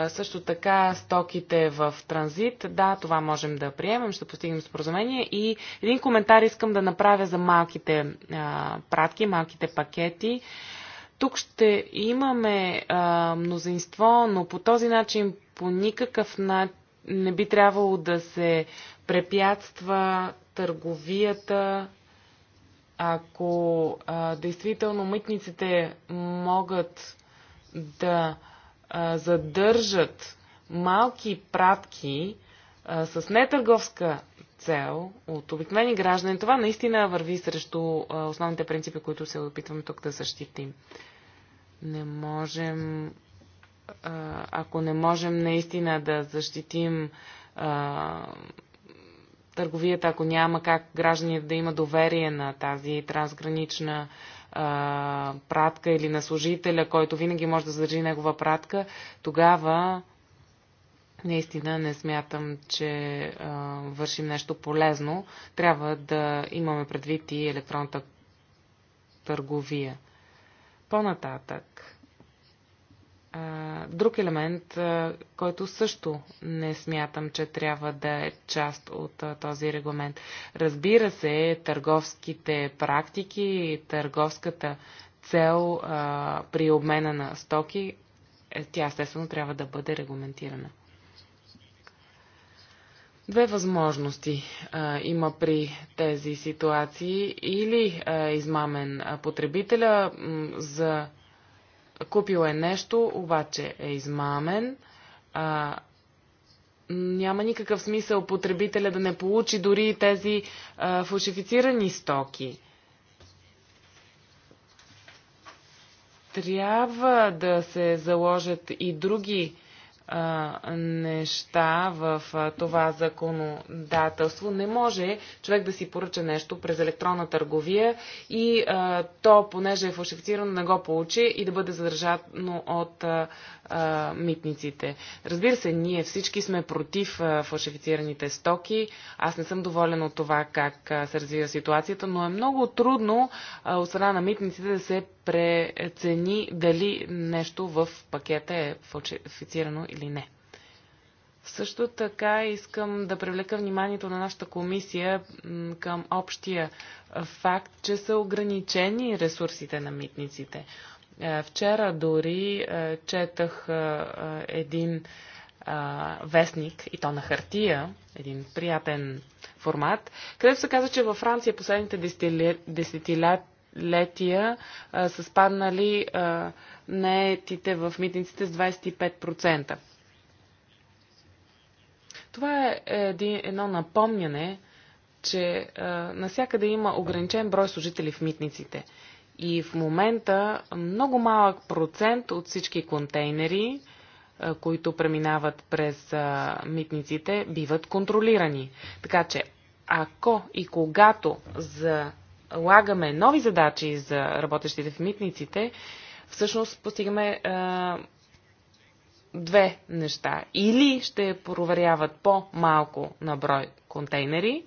също така стоките в транзит, да, това можем да приемем, ще постигнем споразумение. И един коментар искам да направя за малките а, пратки, малките пакети. Тук ще имаме а, мнозинство, но по този начин по никакъв начин не би трябвало да се препятства търговията, ако а, действително мътниците могат да а, а, задържат малки пратки а, с нетърговска цел от обикновени граждани, това наистина върви срещу а, основните принципи, които се опитваме тук да защитим. Не можем, ако не можем наистина да защитим а, търговията, ако няма как гражданите да има доверие на тази трансгранична а, а, пратка или на служителя, който винаги може да задържи негова пратка, тогава наистина не смятам, че а, вършим нещо полезно. Трябва да имаме предвид и електронната търговия. По-нататък друг елемент, който също не смятам, че трябва да е част от този регламент. Разбира се, търговските практики, търговската цел при обмена на стоки, е, тя естествено трябва да бъде регламентирана. Две възможности а, има при тези ситуации. Или а, измамен потребителя за Купил е нещо, обаче е измамен. А, няма никакъв смисъл потребителя да не получи дори тези а, фалшифицирани стоки. Трябва да се заложат и други а, неща в това законодателство. Не може човек да си поръча нещо през електронна търговия и а, то, понеже е фалшифицирано, не го получи и да бъде задържано от а, а, митниците. Разбира се, ние всички сме против а, фалшифицираните стоки. Аз не съм доволен от това как а, се развива ситуацията, но е много трудно а, от страна на митниците да се прецени дали нещо в пакета е фалшифицирано или или не. Също така искам да привлека вниманието на нашата комисия към общия факт, че са ограничени ресурсите на митниците. Е, вчера дори е, четах е, един вестник, и то на хартия, един приятен формат, където се каза, че във Франция последните десетилетия са спаднали наетите в митниците с 25%. Това е едно напомняне, че а, насякъде има ограничен брой служители в митниците. И в момента много малък процент от всички контейнери, а, които преминават през а, митниците, биват контролирани. Така че, ако и когато залагаме нови задачи за работещите в митниците, всъщност постигаме а, две неща. Или ще проверяват по-малко на брой контейнери,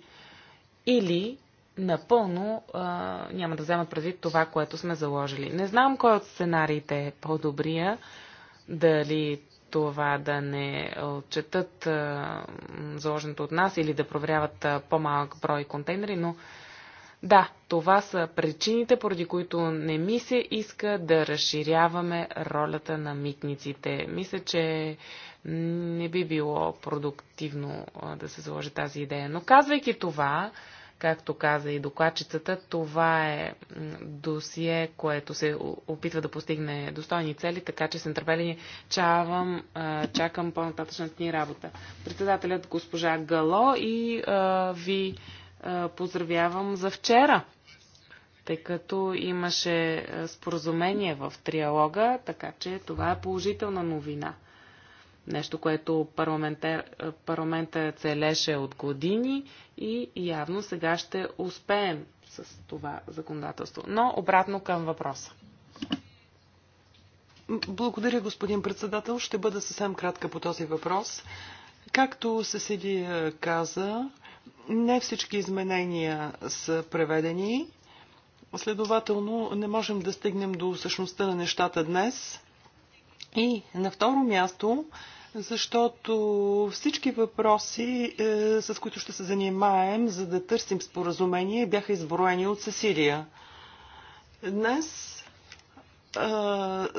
или напълно а, няма да вземат предвид това, което сме заложили. Не знам кой от сценариите е по-добрия, дали това да не отчетат а, заложеното от нас или да проверяват а, по-малък брой контейнери, но да, това са причините, поради които не ми се иска да разширяваме ролята на митниците. Мисля, че не би било продуктивно да се заложи тази идея. Но казвайки това, както каза и докладчицата, това е досие, което се опитва да постигне достойни цели, така че с нетърпение чавам, чакам по-нататъчната ни работа. Председателят госпожа Гало и а, ви поздравявам за вчера, тъй като имаше споразумение в триалога, така че това е положителна новина. Нещо, което парламента целеше от години и явно сега ще успеем с това законодателство. Но обратно към въпроса. Благодаря, господин председател. Ще бъда съвсем кратка по този въпрос. Както Сесилия каза, не всички изменения са преведени. Следователно, не можем да стигнем до същността на нещата днес. И на второ място, защото всички въпроси, е, с които ще се занимаем, за да търсим споразумение, бяха изброени от Сесилия. Днес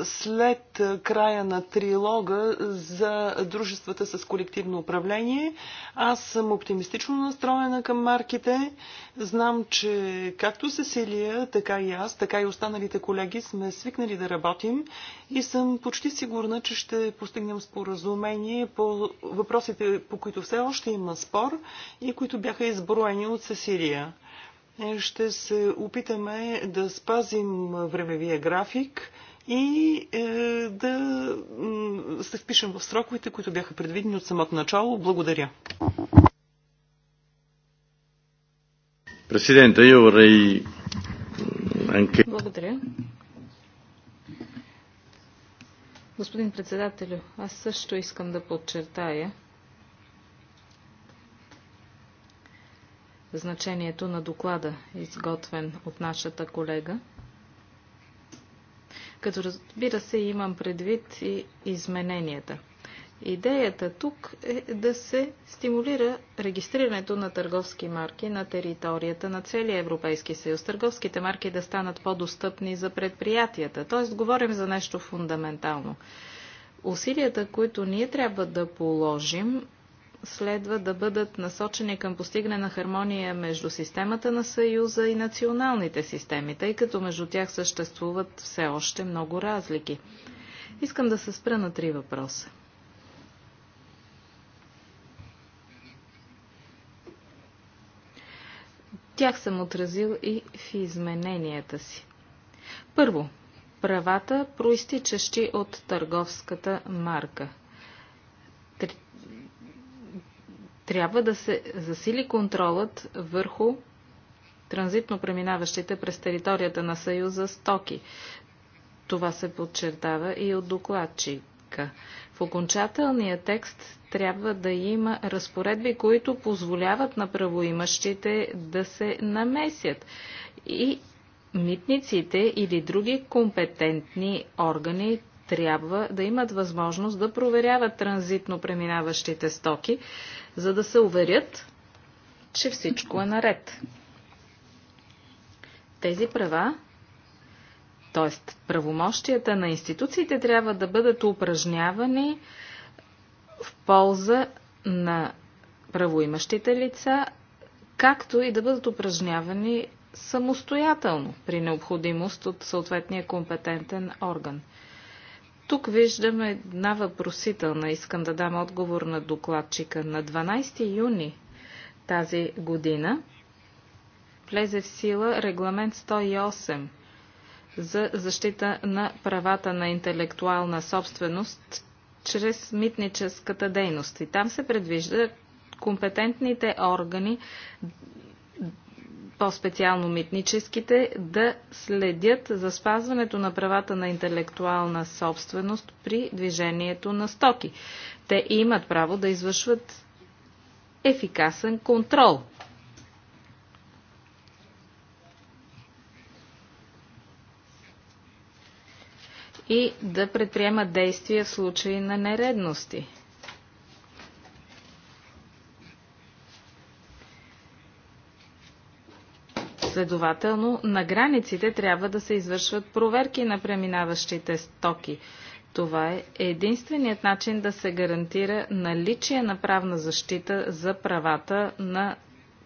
след края на трилога за дружествата с колективно управление. Аз съм оптимистично настроена към марките. Знам, че както Сесилия, така и аз, така и останалите колеги сме свикнали да работим и съм почти сигурна, че ще постигнем споразумение по въпросите, по които все още има спор и които бяха изброени от Сесилия ще се опитаме да спазим времевия график и е, да се впишем в сроковете, които бяха предвидени от самото начало. Благодаря. Президента, я Благодаря. Господин председателю, аз също искам да подчертая, значението на доклада, изготвен от нашата колега. Като разбира се, имам предвид и измененията. Идеята тук е да се стимулира регистрирането на търговски марки на територията на целия Европейски съюз. Търговските марки да станат по-достъпни за предприятията. Тоест, говорим за нещо фундаментално. Усилията, които ние трябва да положим, следва да бъдат насочени към постигане на хармония между системата на Съюза и националните системи, тъй като между тях съществуват все още много разлики. Искам да се спра на три въпроса. Тях съм отразил и в измененията си. Първо, правата, проистичащи от търговската марка – трябва да се засили контролът върху транзитно преминаващите през територията на Съюза стоки. Това се подчертава и от докладчика. В окончателния текст трябва да има разпоредби, които позволяват на правоимащите да се намесят и митниците или други компетентни органи трябва да имат възможност да проверяват транзитно преминаващите стоки, за да се уверят, че всичко е наред. Тези права, т.е. правомощията на институциите трябва да бъдат упражнявани в полза на правоимащите лица, както и да бъдат упражнявани самостоятелно при необходимост от съответния компетентен орган. Тук виждаме една въпросителна. Искам да дам отговор на докладчика. На 12 юни тази година влезе в сила регламент 108 за защита на правата на интелектуална собственост чрез митническата дейност. И там се предвижда компетентните органи по-специално митническите, да следят за спазването на правата на интелектуална собственост при движението на стоки. Те имат право да извършват ефикасен контрол. И да предприемат действия в случай на нередности. Следователно, на границите трябва да се извършват проверки на преминаващите стоки. Това е единственият начин да се гарантира наличие на правна защита за правата на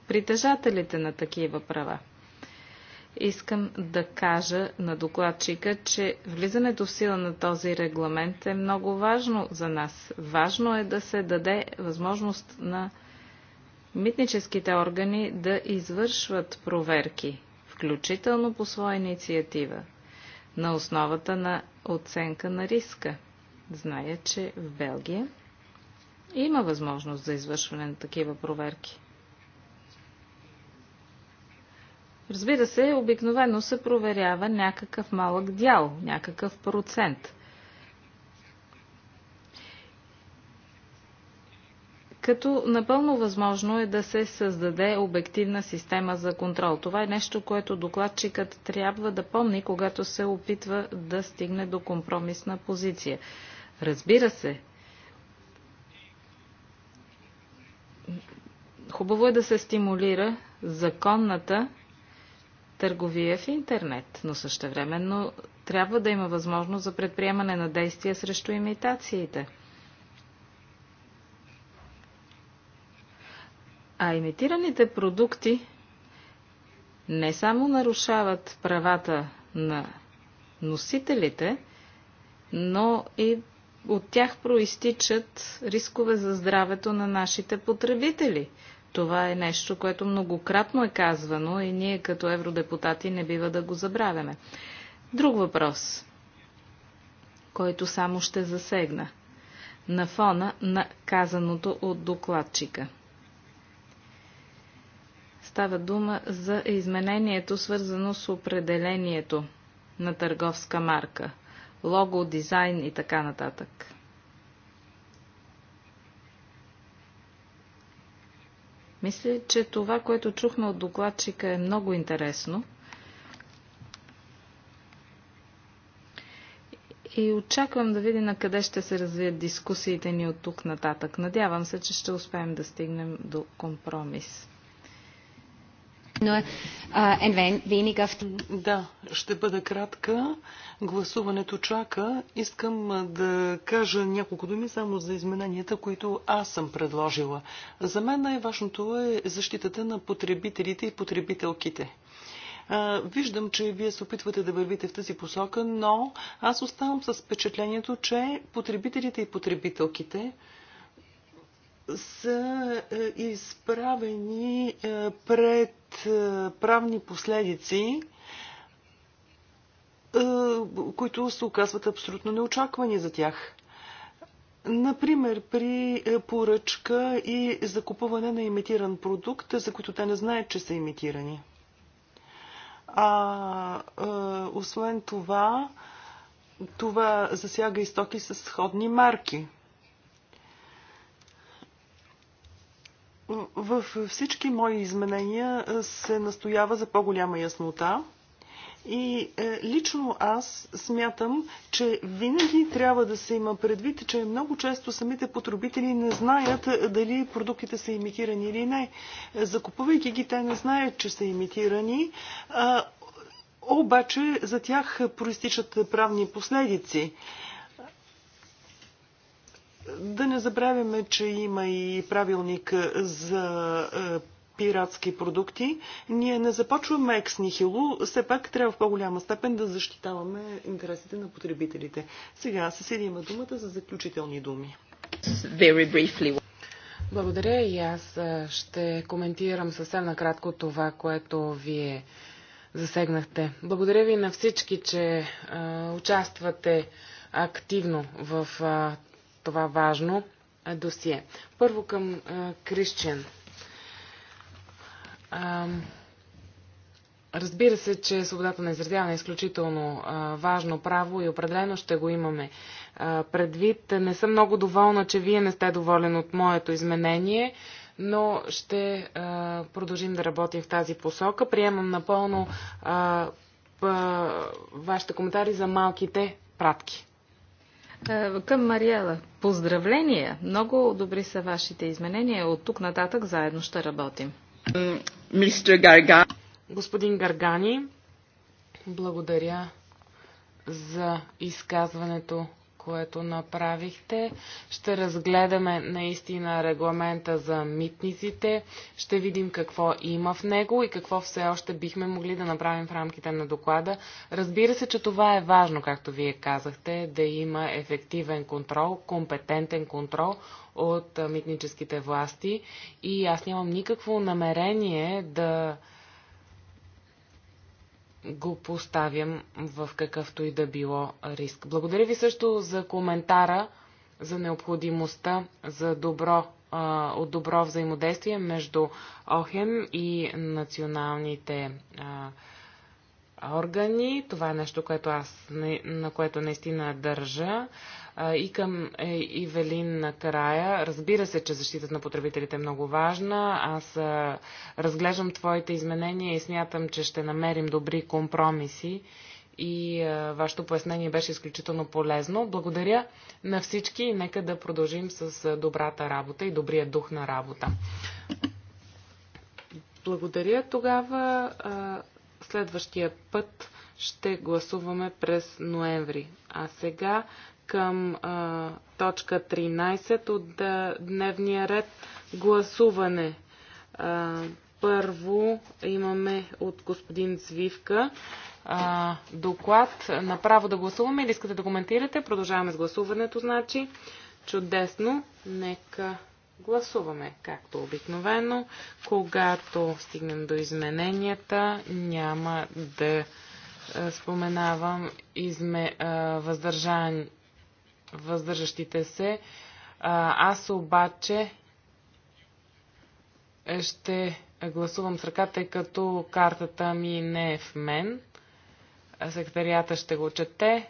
притежателите на такива права. Искам да кажа на докладчика, че влизането в сила на този регламент е много важно за нас. Важно е да се даде възможност на митническите органи да извършват проверки, включително по своя инициатива, на основата на оценка на риска. Зная, че в Белгия има възможност за извършване на такива проверки. Разбира се, обикновено се проверява някакъв малък дял, някакъв процент – като напълно възможно е да се създаде обективна система за контрол. Това е нещо, което докладчикът трябва да помни, когато се опитва да стигне до компромисна позиция. Разбира се, хубаво е да се стимулира законната търговия в интернет, но същевременно трябва да има възможност за предприемане на действия срещу имитациите – А имитираните продукти не само нарушават правата на носителите, но и от тях проистичат рискове за здравето на нашите потребители. Това е нещо, което многократно е казвано и ние като евродепутати не бива да го забравяме. Друг въпрос, който само ще засегна на фона на казаното от докладчика – Става дума за изменението, свързано с определението на търговска марка, лого, дизайн и така нататък. Мисля, че това, което чухме от докладчика е много интересно. И очаквам да видя на къде ще се развият дискусиите ни от тук нататък. Надявам се, че ще успеем да стигнем до компромис. Да, ще бъда кратка. Гласуването чака. Искам да кажа няколко думи само за измененията, които аз съм предложила. За мен най-важното е защитата на потребителите и потребителките. Виждам, че вие се опитвате да вървите в тази посока, но аз оставам с впечатлението, че потребителите и потребителките са е, изправени е, пред е, правни последици, които се оказват абсолютно неочаквани за тях. Например, при поръчка и закупуване на имитиран продукт, за които те не знаят, че са имитирани. А, освен това, това засяга и стоки с сходни марки. В всички мои изменения се настоява за по-голяма яснота. И е, лично аз смятам, че винаги трябва да се има предвид, че много често самите потребители не знаят е, дали продуктите са имитирани или не. Е, закупувайки ги, те не знаят, че са имитирани. обаче за тях проистичат правни последици. Да не забравяме, че има и правилник за е, пиратски продукти. Ние не започваме екс нихило, все пак трябва в по-голяма степен да защитаваме интересите на потребителите. Сега съседи има думата за заключителни думи. Благодаря и аз е, ще коментирам съвсем накратко това, което вие засегнахте. Благодаря ви на всички, че а, е, участвате активно в а, това важно досие. Първо към Крищен. Разбира се, че свободата на изразяване е изключително а, важно право и определено ще го имаме а, предвид. Не съм много доволна, че вие не сте доволен от моето изменение, но ще а, продължим да работим в тази посока. Приемам напълно а, вашите коментари за малките пратки. Е, към Мариела. Поздравления! Много добри са вашите изменения. От тук нататък заедно ще работим. Мистер Гаргани. Господин Гаргани, благодаря за изказването което направихте. Ще разгледаме наистина регламента за митниците. Ще видим какво има в него и какво все още бихме могли да направим в рамките на доклада. Разбира се, че това е важно, както вие казахте, да има ефективен контрол, компетентен контрол от митническите власти. И аз нямам никакво намерение да го поставям в какъвто и да било риск. Благодаря ви също за коментара за необходимостта за добро, от добро взаимодействие между ОХЕМ и националните органи. Това е нещо, което аз, на което наистина държа. И към е, Ивелин Карая. Разбира се, че защитата на потребителите е много важна. Аз разглеждам твоите изменения и смятам, че ще намерим добри компромиси и вашето пояснение беше изключително полезно. Благодаря на всички и нека да продължим с добрата работа и добрия дух на работа. Благодаря. Тогава следващия път ще гласуваме през ноември. А сега към а, точка 13 от а, дневния ред гласуване. А, първо имаме от господин Звивка а, доклад. Направо да гласуваме или искате да коментирате? Продължаваме с гласуването, значи. Чудесно. Нека гласуваме, както обикновено. Когато стигнем до измененията, няма да споменавам изме, а, въздържани въздържащите се. Аз обаче ще гласувам с ръка, тъй като картата ми не е в мен. Секретарията ще го чете.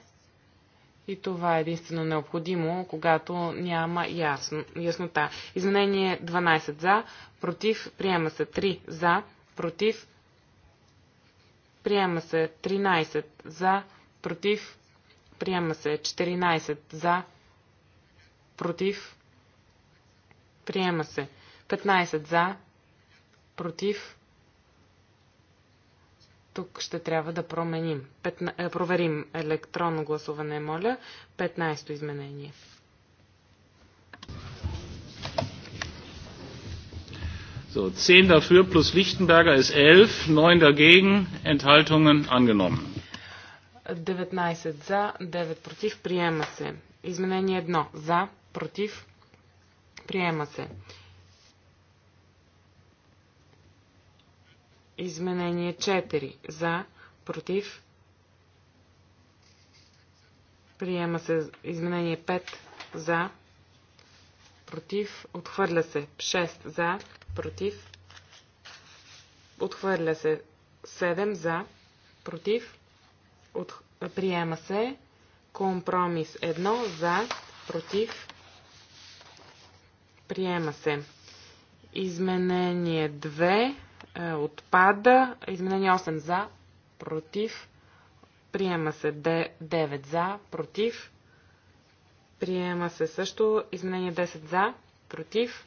И това е единствено необходимо, когато няма ясно, яснота. Изменение 12 за, против, приема се 3 за, против, приема се 13 за, против, Приема се 14 за, против. Приема се 15 за, против. Тук ще трябва да променим. Петна... Е, проверим електронно гласуване, моля. 15-то изменение. So, 10 dafür plus Lichtenberger ist 11, 9 dagegen, Enthaltungen angenommen. 19 за, 9 против, приема се. Изменение 1 за, против, приема се. Изменение 4 за, против, приема се. Изменение 5 за, против, отхвърля се. 6 за, против, отхвърля се. 7 за, против, от... Приема се. Компромис 1 за, против. Приема се. Изменение 2 е, отпада. Изменение 8 за, против. Приема се 9 за, против. Приема се също изменение 10 за, против.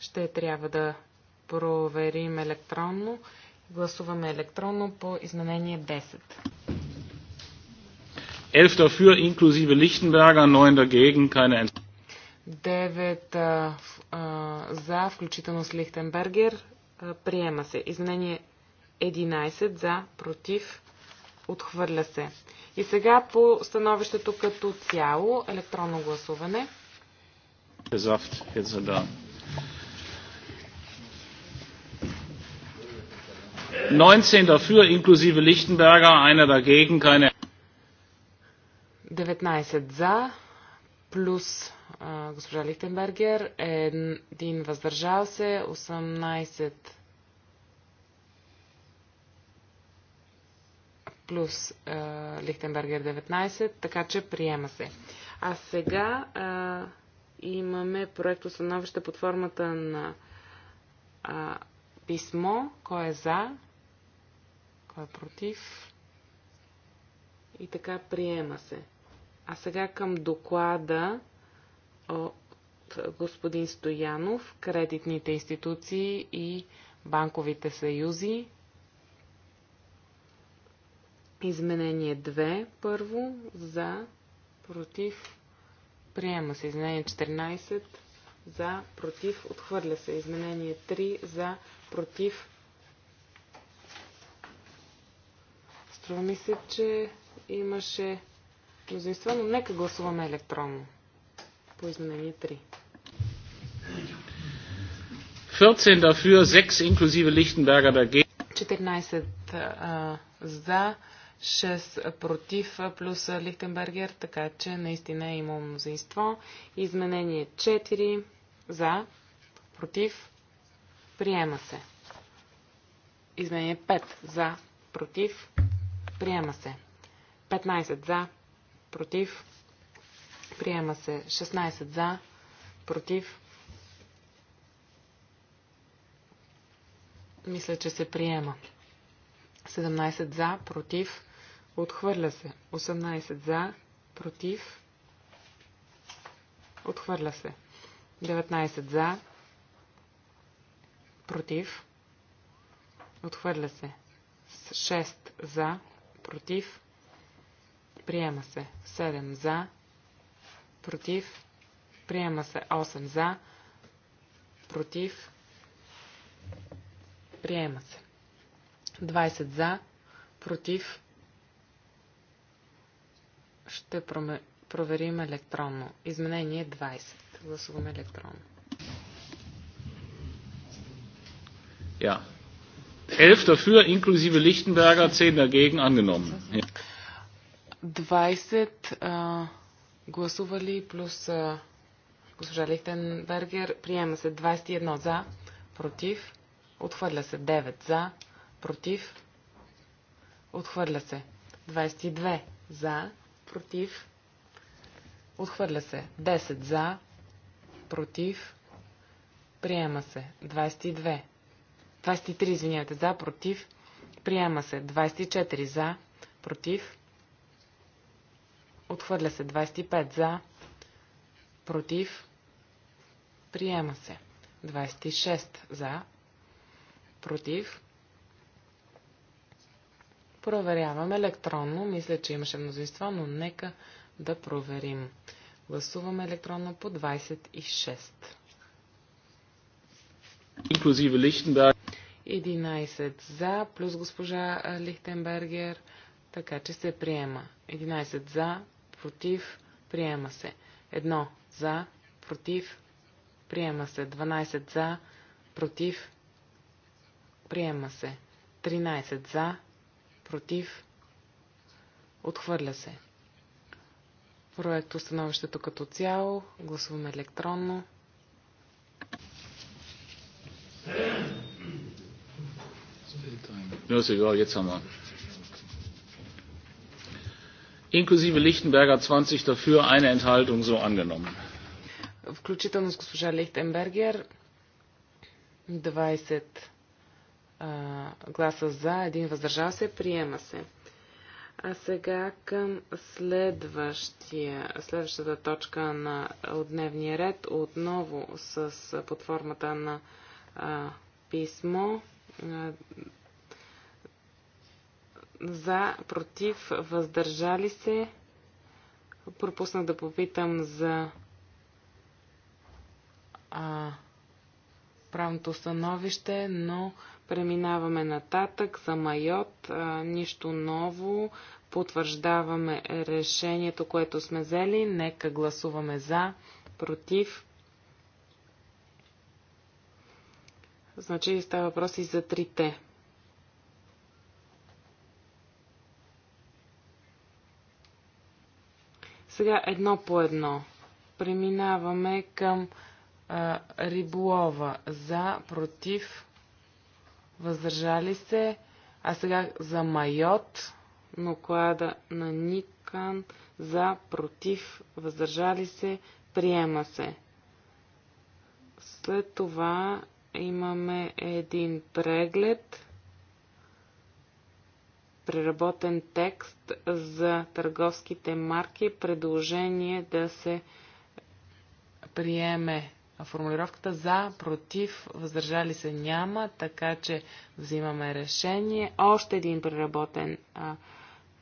Ще трябва да проверим електронно. Гласуваме електронно по изменение 10. 11 dafür, inklusive Lichtenberger, 9 dagegen, keine Ent за, включително с Лихтенбергер. приема се. Изменение 11 за, против, отхвърля се. И сега по становището като цяло, електронно гласуване. Gesafft, jetzt 19 dafür, inklusive Lichtenberger, einer dagegen, keine. 19 за, плюс а, госпожа Лихтенбергер, един въздържал се, 18 плюс а, Лихтенбергер 19, така че приема се. А сега а, имаме проект установище под формата на а, писмо. Кой е за? Кой е против? И така приема се. А сега към доклада от господин Стоянов, кредитните институции и банковите съюзи. Изменение 2 първо за против приема се. Изменение 14 за против отхвърля се. Изменение 3 за против Струва ми се, че имаше мнозинство, но нека гласуваме електронно по изменение 3. 14 dafür, 6 inklusive Lichtenberger dagegen. 14 за, 6 против, плюс Лихтенбергер, така че наистина има мнозинство. Изменение 4 за, против, приема се. Изменение 5 за, против, Приема се. 15 за, против. Приема се. 16 за, против. Мисля, че се приема. 17 за, против. Отхвърля се. 18 за, против. Отхвърля се. 19 за, против. Отхвърля се. 6 за, против, приема се 7 за, против, приема се 8 за, против, приема се 20 за, против, ще проверим електронно. Изменение 20. Гласуваме електронно. Yeah elf dafür, inklusive Lichtenberger, zehn dagegen angenommen. 20 а, гласували плюс госпожа Лихтенбергер. Приема се 21 за, против. Отхвърля се 9 за, против. Отхвърля се 22 за, против. Отхвърля се 10 за, против. Приема се 22 23, извинявайте, за, против. Приема се 24 за, против. Отхвърля се 25 за, против. Приема се 26 за, против. Проверявам електронно. Мисля, че имаше мнозинство, но нека да проверим. Гласуваме електронно по 26. Инклюзиве Лихтенберг. 11 за, плюс госпожа Лихтенбергер, така че се приема. 11 за, против, приема се. 1 за, против, приема се. 12 за, против, приема се. 13 за, против, отхвърля се. Проект установището като цяло, гласуваме електронно. Ja, ist egal, jetzt haben wir. Inklusive Lichtenberger 20 dafür, eine Enthaltung so angenommen. Включително с госпожа Лихтенбергер 20 а, гласа за, един въздържал се, приема се. А сега към следващия, следващата точка на от дневния ред, отново с под формата на а, писмо за, против, въздържали се. Пропуснах да попитам за а, правното становище, но преминаваме нататък за Майот. А, нищо ново. Потвърждаваме решението, което сме взели. Нека гласуваме за, против. Значи става въпрос и за трите. Сега едно по едно. Преминаваме към а, риболова. За, против, въздържали се. А сега за майот, но на Никан, за, против, въздържали се, приема се. След това имаме един преглед преработен текст за търговските марки, предложение да се приеме формулировката за, против, въздържали се няма, така че взимаме решение. Още един преработен а,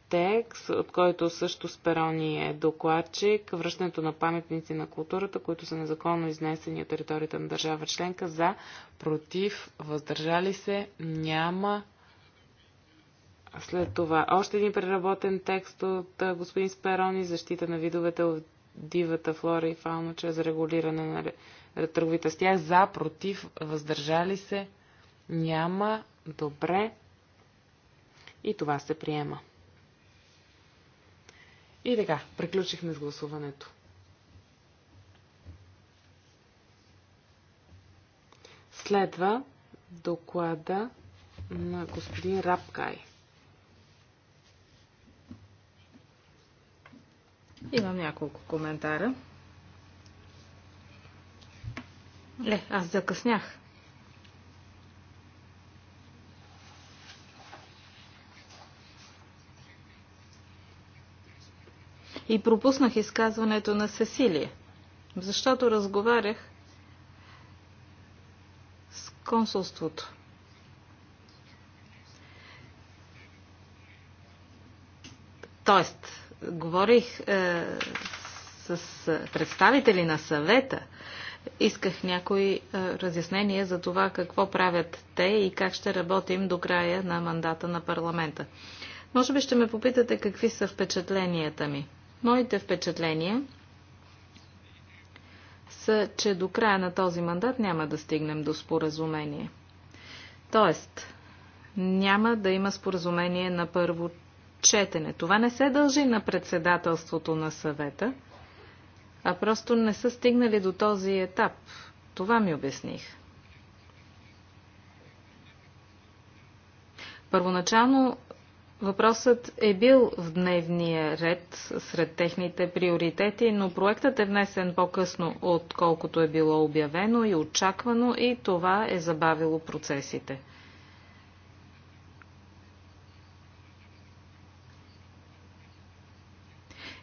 текст, от който също Сперони е докладчик, връщането на паметници на културата, които са незаконно изнесени от територията на държава членка, за, против, въздържали се няма, след това още един преработен текст от господин Сперони, защита на видовете от дивата флора и фауна чрез регулиране на търговите с тях. За, против, въздържали се? Няма. Добре. И това се приема. И така, приключихме с гласуването. Следва доклада на господин Рапкай. Имам няколко коментара. Ле, аз закъснях. И пропуснах изказването на Сесилия, защото разговарях с консулството. Тоест, говорих е, с представители на съвета, исках някои е, разяснения за това какво правят те и как ще работим до края на мандата на парламента. Може би ще ме попитате какви са впечатленията ми. Моите впечатления са, че до края на този мандат няма да стигнем до споразумение. Тоест, няма да има споразумение на първо четене. Това не се дължи на председателството на съвета, а просто не са стигнали до този етап. Това ми обясних. Първоначално въпросът е бил в дневния ред сред техните приоритети, но проектът е внесен по-късно, отколкото е било обявено и очаквано, и това е забавило процесите.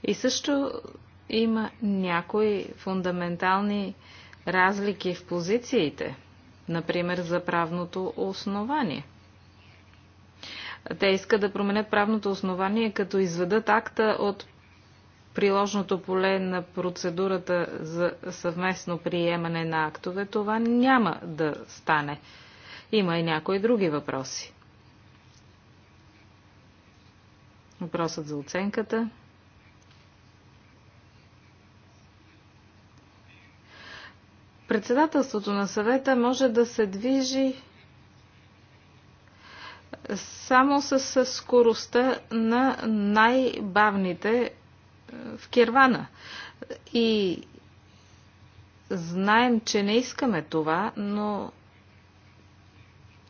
И също има някои фундаментални разлики в позициите, например за правното основание. Те искат да променят правното основание, като изведат акта от приложното поле на процедурата за съвместно приемане на актове. Това няма да стане. Има и някои други въпроси. Въпросът за оценката. председателството на съвета може да се движи само с скоростта на най-бавните е, в Кирвана. И знаем, че не искаме това, но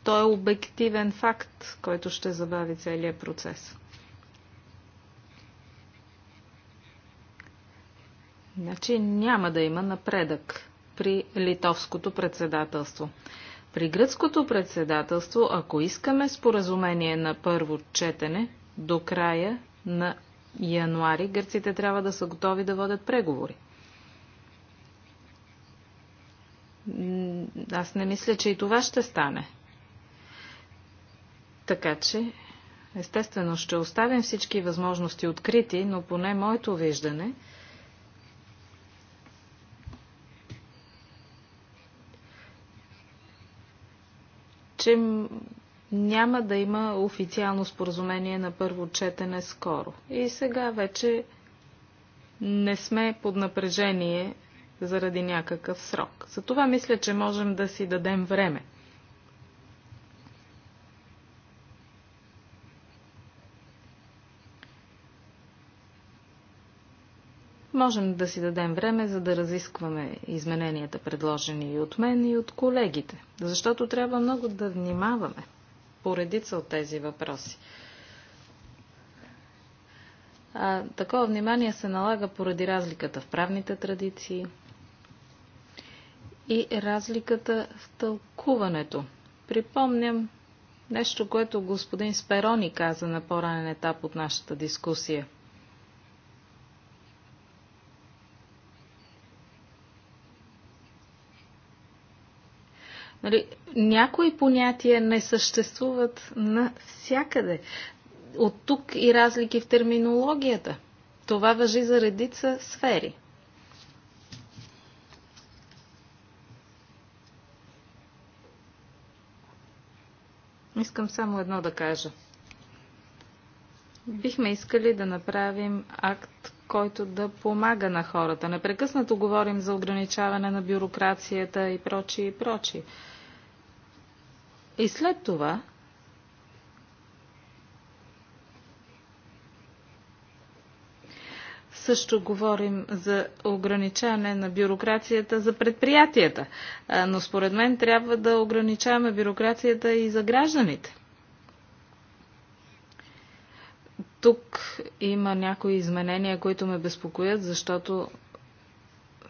то е обективен факт, който ще забави целият процес. Значи няма да има напредък при литовското председателство. При гръцкото председателство, ако искаме споразумение на първо четене, до края на януари гърците трябва да са готови да водят преговори. Аз не мисля, че и това ще стане. Така че, естествено, ще оставим всички възможности открити, но поне моето виждане – че няма да има официално споразумение на първо четене скоро. И сега вече не сме под напрежение заради някакъв срок. За това мисля, че можем да си дадем време – Можем да си дадем време, за да разискваме измененията, предложени и от мен, и от колегите, защото трябва много да внимаваме поредица от тези въпроси. А, такова внимание се налага поради разликата в правните традиции и разликата в тълкуването. Припомням нещо, което господин Сперони каза на по-ранен етап от нашата дискусия – Нали, някои понятия не съществуват навсякъде. От тук и разлики в терминологията. Това въжи за редица сфери. Искам само едно да кажа. Бихме искали да направим акт, който да помага на хората. Непрекъснато говорим за ограничаване на бюрокрацията и прочи и прочи. И след това също говорим за ограничаване на бюрокрацията за предприятията. Но според мен трябва да ограничаваме бюрокрацията и за гражданите. Тук има някои изменения, които ме безпокоят, защото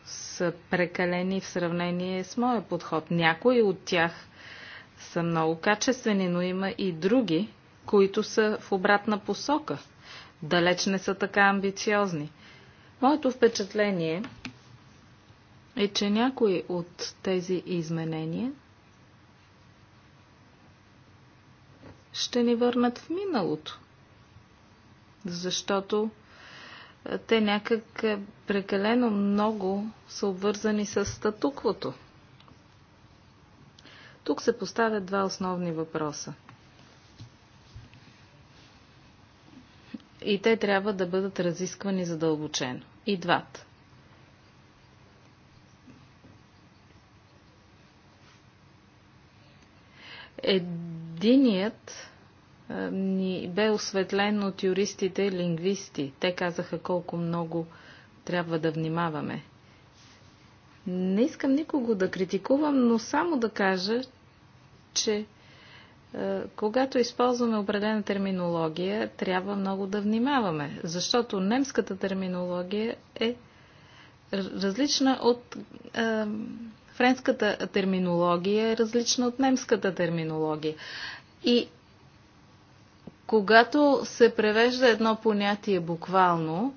са прекалени в сравнение с моя подход. Някои от тях са много качествени, но има и други, които са в обратна посока. Далеч не са така амбициозни. Моето впечатление е, че някои от тези изменения ще ни върнат в миналото защото те някак прекалено много са обвързани с статуквото. Тук се поставят два основни въпроса. И те трябва да бъдат разисквани задълбочено. И двата. Единият е, ни бе осветлен от юристите лингвисти. Те казаха колко много трябва да внимаваме. Не искам никого да критикувам, но само да кажа, че е, когато използваме определена терминология, трябва много да внимаваме, защото немската терминология е различна от. Е, френската терминология е различна от немската терминология. И когато се превежда едно понятие буквално,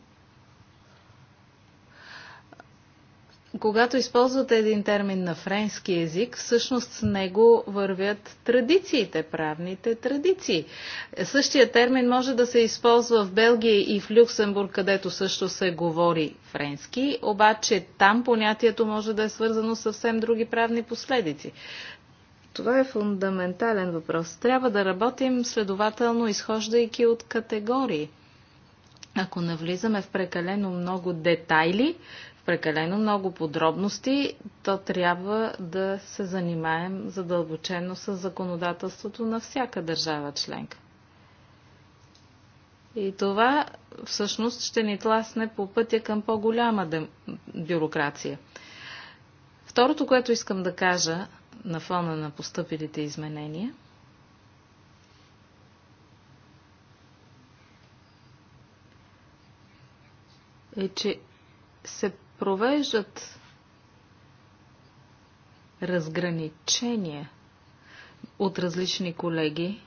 когато използвате един термин на френски език, всъщност с него вървят традициите, правните традиции. Същия термин може да се използва в Белгия и в Люксембург, където също се говори френски, обаче там понятието може да е свързано с съвсем други правни последици. Това е фундаментален въпрос. Трябва да работим следователно, изхождайки от категории. Ако навлизаме в прекалено много детайли, в прекалено много подробности, то трябва да се занимаем задълбочено с законодателството на всяка държава членка. И това всъщност ще ни тласне по пътя към по-голяма бюрокрация. Второто, което искам да кажа на фона на поступилите изменения. е, че се провеждат разграничения от различни колеги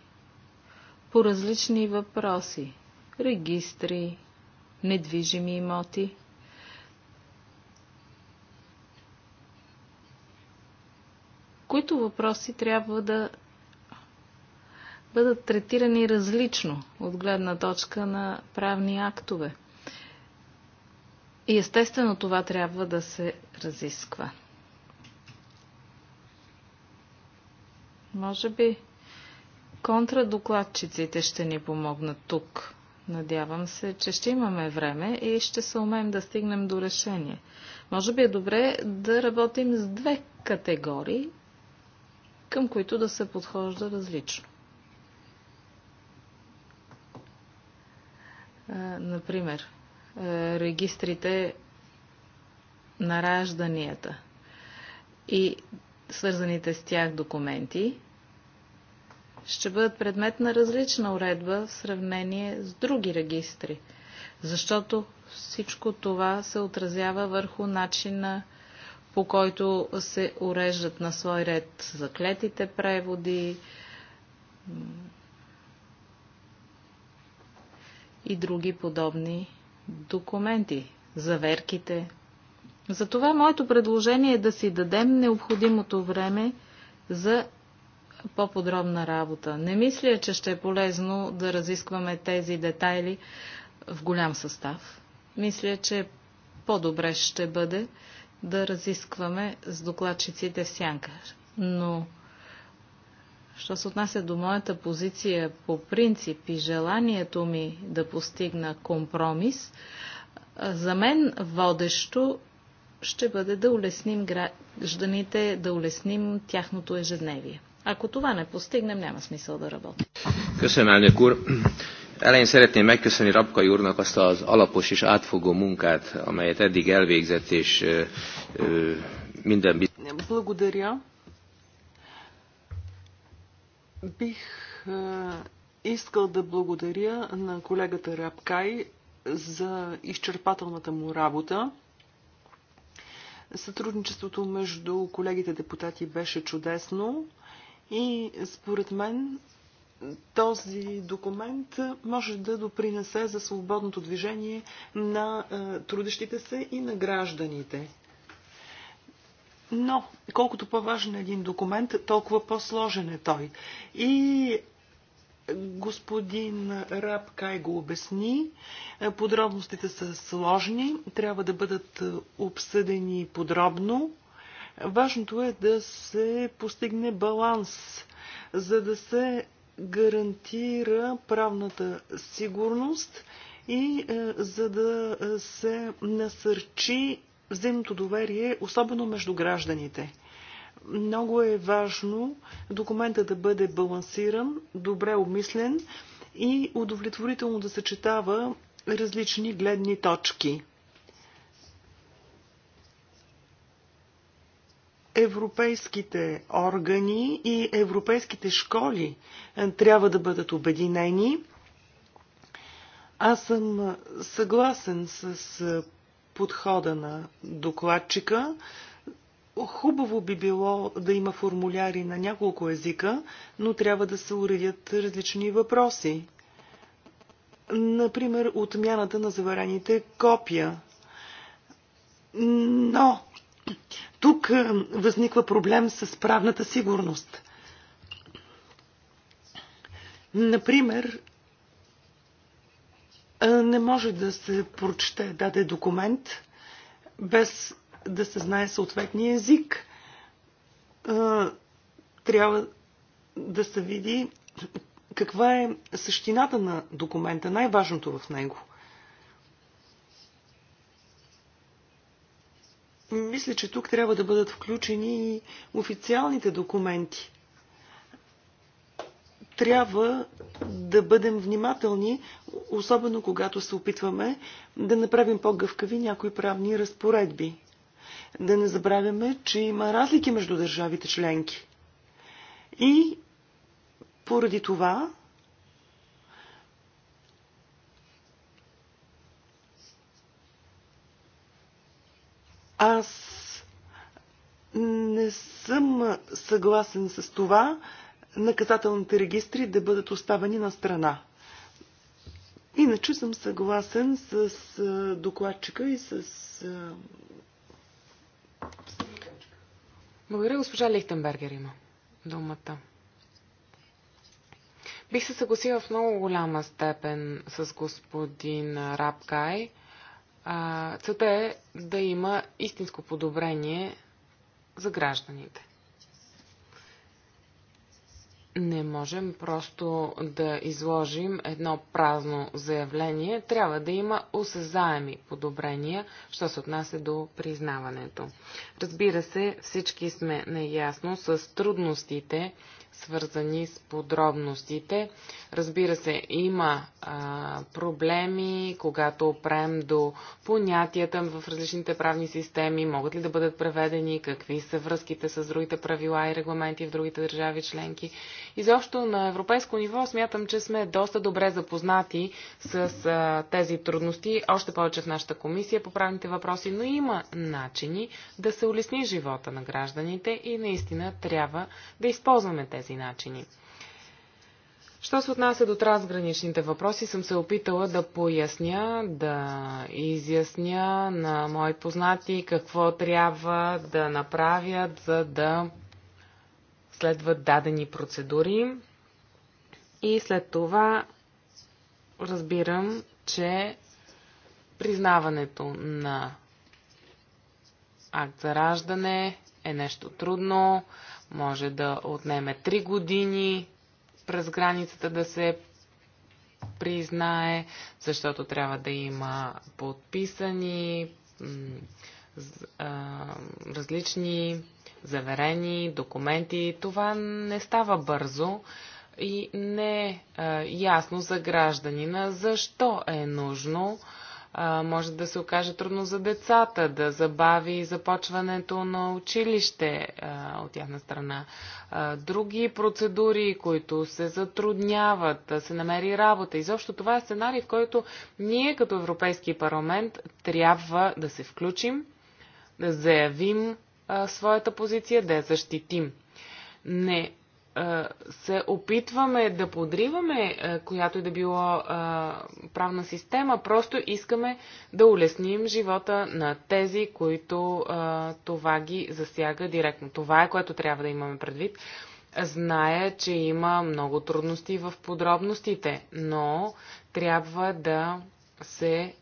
по различни въпроси – регистри, недвижими имоти – които въпроси трябва да бъдат третирани различно от гледна точка на правни актове. И естествено това трябва да се разисква. Може би контрадокладчиците ще ни помогнат тук. Надявам се, че ще имаме време и ще се умеем да стигнем до решение. Може би е добре да работим с две категории към които да се подхожда различно. Например, регистрите на ражданията и свързаните с тях документи ще бъдат предмет на различна уредба в сравнение с други регистри, защото всичко това се отразява върху начина по който се уреждат на свой ред заклетите преводи и други подобни документи, заверките. Затова моето предложение е да си дадем необходимото време за по-подробна работа. Не мисля, че ще е полезно да разискваме тези детайли в голям състав. Мисля, че по-добре ще бъде да разискваме с докладчиците в сянка. Но, що се отнася до моята позиция по принцип и желанието ми да постигна компромис, за мен водещо ще бъде да улесним гражданите, да улесним тяхното ежедневие. Ако това не постигнем, няма смисъл да работим. Elején szeretném megköszönni Rabkai úrnak azt az alapos és átfogó munkát, amelyet eddig elvégzett, és minden... Благодаря. Бих искал Сътрудничеството между колегите депутати беше чудесно и според мен този документ може да допринесе за свободното движение на е, трудещите се и на гражданите. Но, колкото по-важен е един документ, толкова по-сложен е той. И господин Раб Кай го обясни. Е, подробностите са сложни, трябва да бъдат обсъдени подробно. Важното е да се постигне баланс, за да се гарантира правната сигурност и е, за да е, се насърчи взаимното доверие, особено между гражданите. Много е важно документа да бъде балансиран, добре обмислен и удовлетворително да съчетава различни гледни точки. европейските органи и европейските школи е, трябва да бъдат обединени. Аз съм съгласен с е, подхода на докладчика. Хубаво би било да има формуляри на няколко езика, но трябва да се уредят различни въпроси. Например, отмяната на заварените копия. Но тук е, възниква проблем с правната сигурност. Например, е, не може да се прочете даде документ без да се знае съответния език. Е, трябва да се види каква е същината на документа, най-важното в него – Мисля, че тук трябва да бъдат включени и официалните документи. Трябва да бъдем внимателни, особено когато се опитваме да направим по-гъвкави някои правни разпоредби. Да не забравяме, че има разлики между държавите членки. И поради това Аз не съм съгласен с това наказателните регистри да бъдат оставани на страна. Иначе съм съгласен с докладчика и с. Благодаря, госпожа Лихтенбергер има думата. Бих се съгласила в много голяма степен с господин Рабкай целта е да има истинско подобрение за гражданите. Не можем просто да изложим едно празно заявление. Трябва да има осезаеми подобрения, що се отнася до признаването. Разбира се, всички сме наясно с трудностите свързани с подробностите. Разбира се, има а, проблеми, когато опрем до понятията в различните правни системи, могат ли да бъдат преведени, какви са връзките с другите правила и регламенти в другите държави членки Изобщо на европейско ниво смятам, че сме доста добре запознати с а, тези трудности, още повече в нашата комисия по правните въпроси, но има начини да се улесни живота на гражданите и наистина трябва да използваме тези начини. Що се отнася до трансграничните въпроси, съм се опитала да поясня, да изясня на мои познати какво трябва да направят, за да следват дадени процедури и след това разбирам, че признаването на акт за раждане е нещо трудно, може да отнеме 3 години през границата да се признае, защото трябва да има подписани различни заверени документи. Това не става бързо и не е ясно за гражданина защо е нужно. Е, може да се окаже трудно за децата, да забави започването на училище е, от тяхна страна. Е, други процедури, които се затрудняват, да се намери работа. Изобщо това е сценарий, в който ние като Европейски парламент трябва да се включим, да заявим своята позиция, да я защитим. Не се опитваме да подриваме която и да било правна система, просто искаме да улесним живота на тези, които това ги засяга директно. Това е което трябва да имаме предвид. Зная, че има много трудности в подробностите, но трябва да се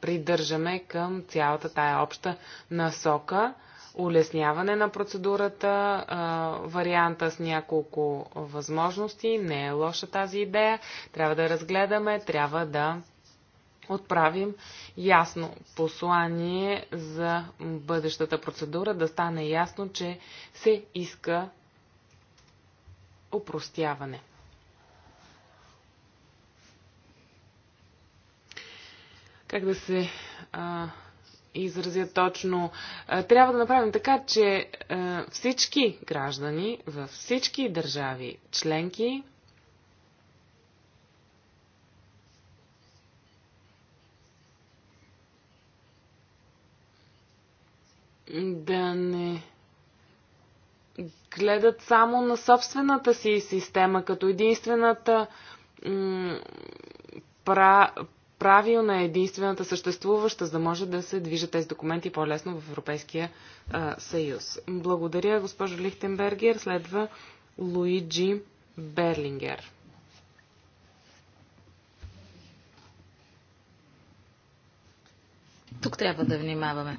придържаме към цялата тая обща насока, улесняване на процедурата, варианта с няколко възможности. Не е лоша тази идея. Трябва да разгледаме, трябва да отправим ясно послание за бъдещата процедура, да стане ясно, че се иска опростяване. Как да се а, изразя точно. Трябва да направим така, че всички граждани във всички държави членки да не гледат само на собствената си система като единствената пра, Правил на единствената съществуваща, за да може да се движат тези документи по-лесно в Европейския а, съюз. Благодаря, госпожо Лихтенбергер. Следва Луиджи Берлингер. Тук трябва да внимаваме.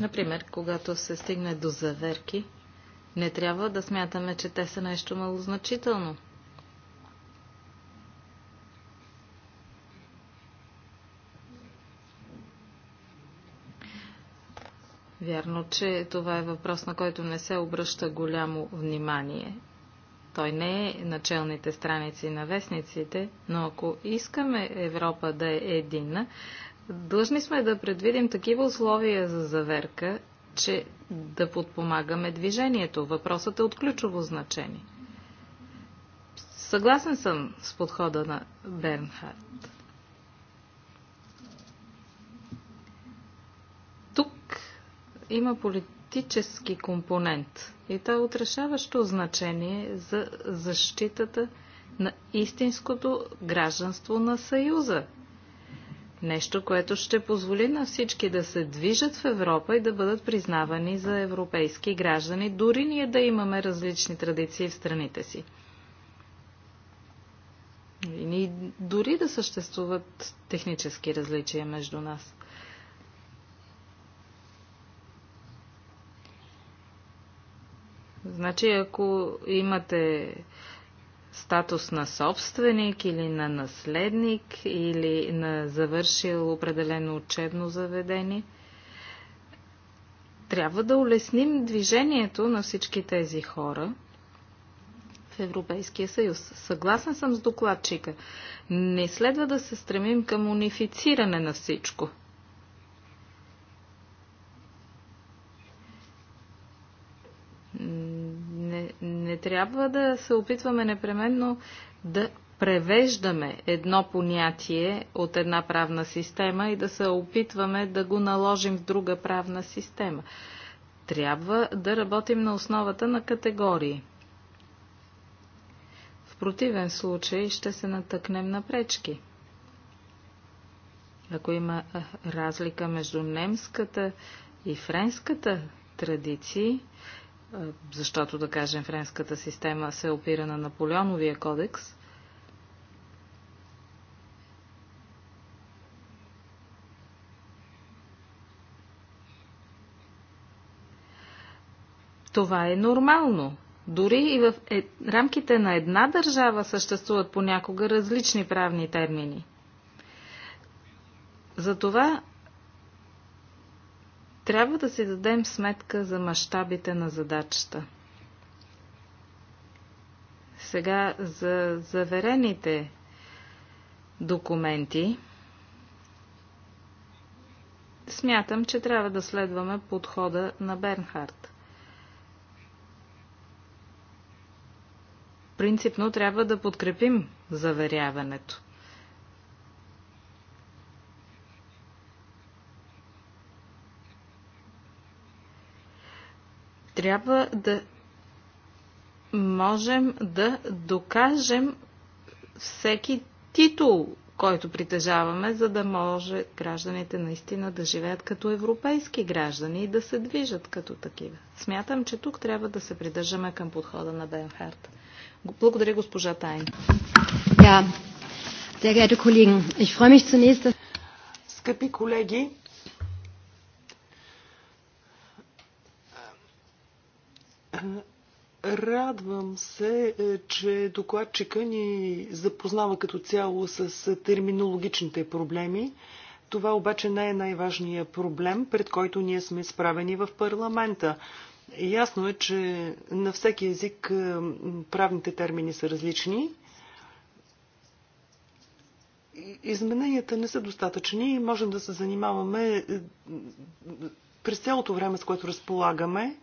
Например, когато се стигне до заверки, не трябва да смятаме, че те са нещо малозначително. Вярно, че това е въпрос, на който не се обръща голямо внимание. Той не е началните страници на вестниците, но ако искаме Европа да е единна, длъжни сме да предвидим такива условия за заверка, че да подпомагаме движението. Въпросът е от ключово значение. Съгласен съм с подхода на Бернхард. има политически компонент и той е отрешаващо значение за защитата на истинското гражданство на Съюза. Нещо, което ще позволи на всички да се движат в Европа и да бъдат признавани за европейски граждани, дори ние да имаме различни традиции в страните си. И дори да съществуват технически различия между нас – Значи, ако имате статус на собственик или на наследник или на завършил определено учебно заведение, трябва да улесним движението на всички тези хора в Европейския съюз. Съгласен съм с докладчика. Не следва да се стремим към унифициране на всичко – трябва да се опитваме непременно да превеждаме едно понятие от една правна система и да се опитваме да го наложим в друга правна система. Трябва да работим на основата на категории. В противен случай ще се натъкнем на пречки. Ако има разлика между немската и френската традиции, защото, да кажем, френската система се опира на Наполеоновия кодекс. Това е нормално. Дори и в е, рамките на една държава съществуват понякога различни правни термини. Затова трябва да си дадем сметка за мащабите на задачата. Сега за заверените документи смятам, че трябва да следваме подхода на Бернхард. Принципно трябва да подкрепим заверяването. трябва да можем да докажем всеки титул, който притежаваме, за да може гражданите наистина да живеят като европейски граждани и да се движат като такива. Смятам, че тук трябва да се придържаме към подхода на Бенхарт. Благодаря, госпожа Тайн. Ja, sehr geehrte Kollegen, ich freue mich zunächst, dass... Скъпи колеги, Радвам се, е, че докладчика ни запознава като цяло с терминологичните проблеми. Това обаче не е най-важният проблем, пред който ние сме справени в парламента. Ясно е, че на всеки език е, правните термини са различни. Измененията не са достатъчни и можем да се занимаваме е, през цялото време, с което разполагаме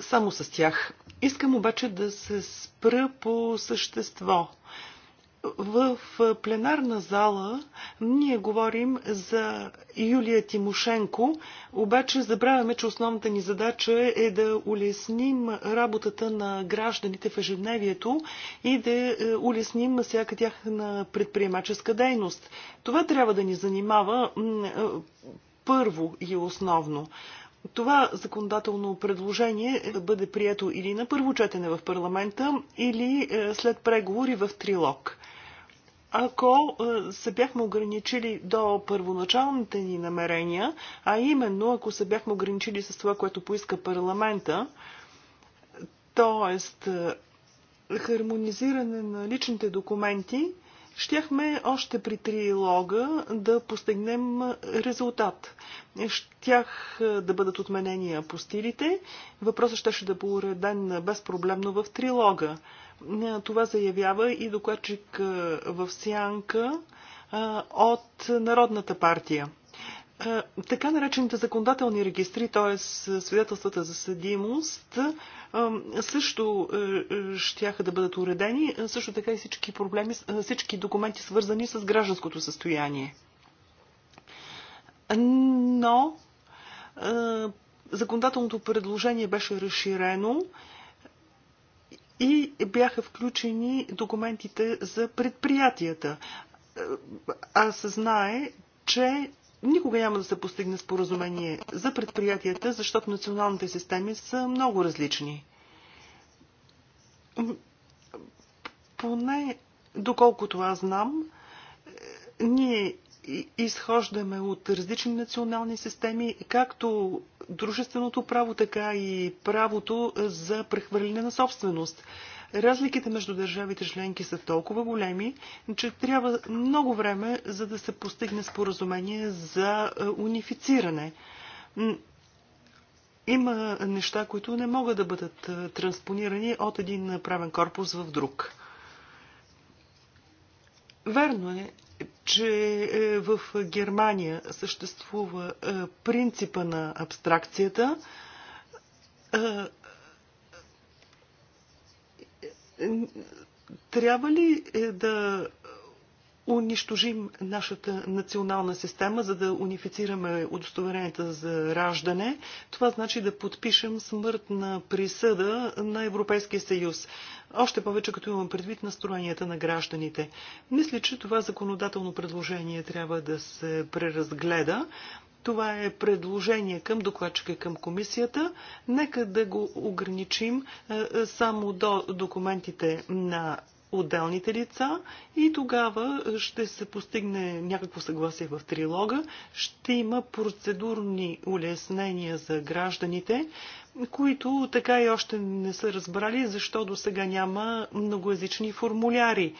само с тях. Искам обаче да се спра по същество. В пленарна зала ние говорим за Юлия Тимошенко, обаче забравяме, че основната ни задача е да улесним работата на гражданите в ежедневието и да е, улесним всяка тяхна предприемаческа дейност. Това трябва да ни занимава е, първо и основно това законодателно предложение е да бъде прието или на първо четене в парламента, или е, след преговори в трилог. Ако е, се бяхме ограничили до първоначалните ни намерения, а именно ако се бяхме ограничили с това, което поиска парламента, т.е. хармонизиране на личните документи, щяхме още при трилога да постигнем резултат. Щях е, да бъдат отменени апостилите. Въпросът щеше да бъде уреден безпроблемно в трилога. Е, това заявява и докладчик е, в сянка от Народната партия така наречените законодателни регистри, т.е. свидетелствата за съдимост, също ще да бъдат уредени, също така и всички проблеми, всички документи свързани с гражданското състояние. Но законодателното предложение беше разширено и бяха включени документите за предприятията. А се знае, че никога няма да се постигне споразумение за предприятията, защото националните системи са много различни. Поне, доколкото аз знам, е, ние изхождаме от различни национални системи, както дружественото право, така и правото за прехвърляне на собственост. Разликите между държавите членки са толкова големи, че трябва много време, за да се постигне споразумение за е, унифициране. Има неща, които не могат да бъдат е, транспонирани от един правен корпус в друг. Верно е, че е, в Германия съществува принципа на абстракцията, трябва ли е, да унищожим нашата национална система, за да унифицираме удостоверенията за раждане. Това значи да подпишем смъртна присъда на Европейския съюз. Още повече като имам предвид настроенията на гражданите. Мисля, че това законодателно предложение трябва да се преразгледа. Това е предложение към докладчика към комисията. Нека да го ограничим е, е, само до документите на отделните лица и тогава ще се постигне някакво съгласие в трилога. Ще има процедурни улеснения за гражданите, които така и още не са разбрали защо до сега няма многоязични формуляри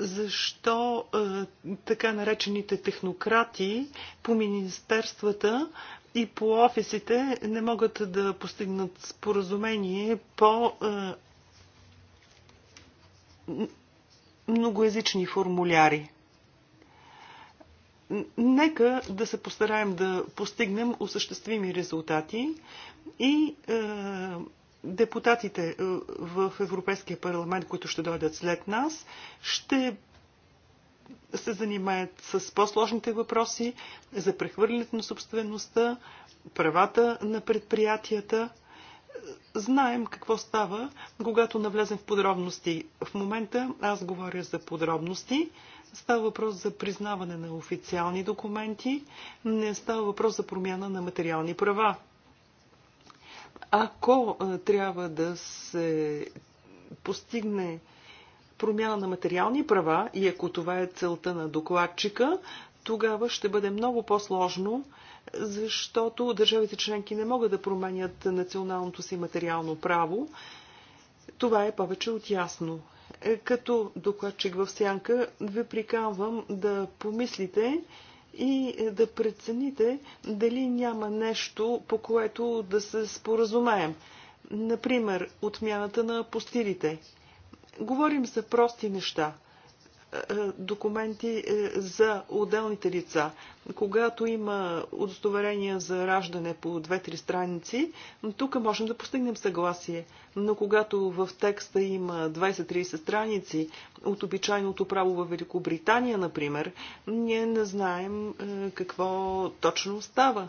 защо е, така наречените технократи по министерствата и по офисите не могат да постигнат споразумение по е, многоязични формуляри. Нека да се постараем да постигнем осъществими резултати и е, депутатите е, в Европейския парламент, които ще дойдат след нас, ще се занимаят с по-сложните въпроси за прехвърлянето на собствеността, правата на предприятията. Знаем какво става, когато навлезем в подробности. В момента аз говоря за подробности. Става въпрос за признаване на официални документи, не става въпрос за промяна на материални права. Ако трябва да се постигне промяна на материални права и ако това е целта на докладчика, тогава ще бъде много по-сложно, защото държавите членки не могат да променят националното си материално право. Това е повече от ясно. Е, като докладчик в сянка ви приканвам да помислите и да прецените дали няма нещо, по което да се споразумеем. Например, отмяната на постилите. Говорим за прости неща – е, документи е, за отделните лица. Когато има удостоверения за раждане по две-три страници, тук можем да постигнем съгласие. Но когато в текста има 20-30 страници от обичайното право в Великобритания, например, ние не знаем е, какво точно става.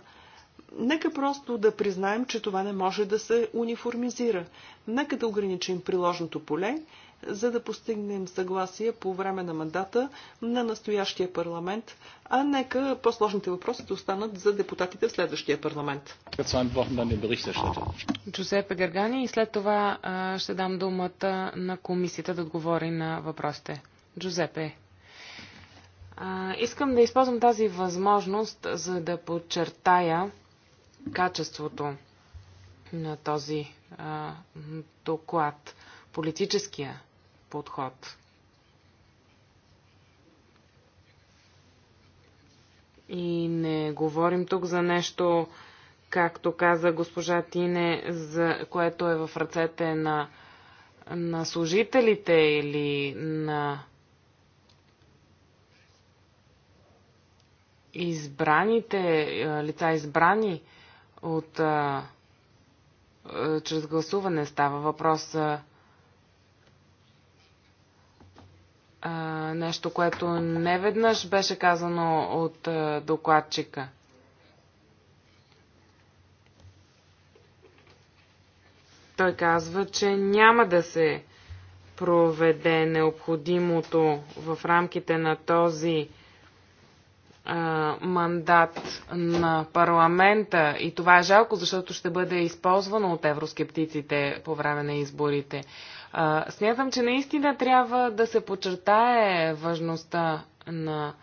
Нека просто да признаем, че това не може да се униформизира. Нека да ограничим приложното поле за да постигнем съгласие по време на мандата на настоящия парламент, а нека по-сложните въпроси да останат за депутатите в следващия парламент. Джузепе Гергани и след това ще дам думата на комисията да отговори на въпросите. Джузепе. Искам да използвам тази възможност, за да подчертая качеството на този а, доклад, политическия подход. И не говорим тук за нещо, както каза госпожа Тине, за което е в ръцете на, на служителите или на избраните лица, избрани от чрез гласуване става въпрос а, нещо, което не веднъж беше казано от а, докладчика. Той казва, че няма да се проведе необходимото в рамките на този а, мандат на парламента и това е жалко, защото ще бъде използвано от евроскептиците по време на изборите. А, смятам, че наистина трябва да се подчертае важността на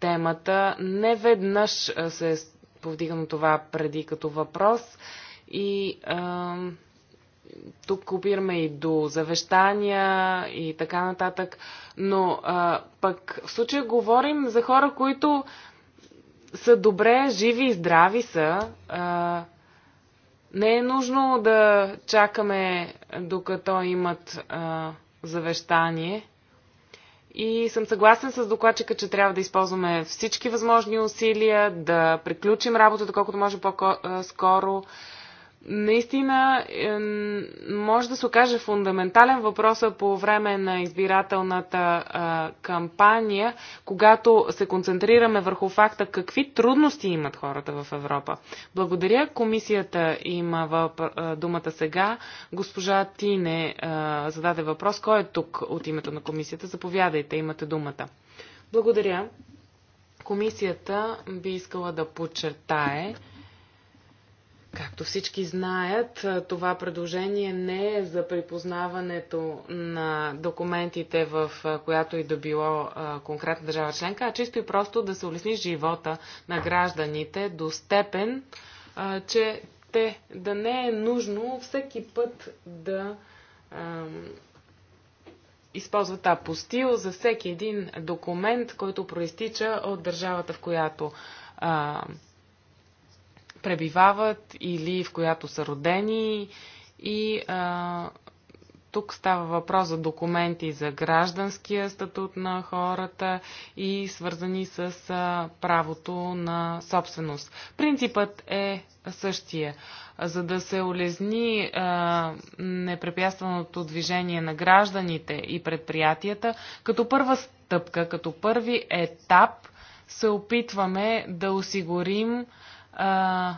темата. Не веднъж се е повдигано това преди като въпрос и а, тук копираме и до завещания и така нататък, но а, пък в случая говорим за хора, които са добре, живи и здрави са, а, не е нужно да чакаме докато имат а, завещание. И съм съгласен с докладчика, че трябва да използваме всички възможни усилия, да приключим работата колкото може по-скоро, наистина е, може да се окаже фундаментален въпроса по време на избирателната а, кампания, когато се концентрираме върху факта какви трудности имат хората в Европа. Благодаря. Комисията има въп... думата сега. Госпожа Тине а, зададе въпрос. Кой е тук от името на комисията? Заповядайте, имате думата. Благодаря. Комисията би искала да подчертае, Както всички знаят, това предложение не е за припознаването на документите в която и да било конкретна държава членка, а чисто и просто да се улесни живота на гражданите до степен, че те да не е нужно всеки път да използват апостил за всеки един документ, който проистича от държавата, в която пребивават или в която са родени. И а, тук става въпрос за документи за гражданския статут на хората и свързани с а, правото на собственост. Принципът е същия. За да се улезни а, непрепятственото движение на гражданите и предприятията, като първа стъпка, като първи етап, се опитваме да осигурим а,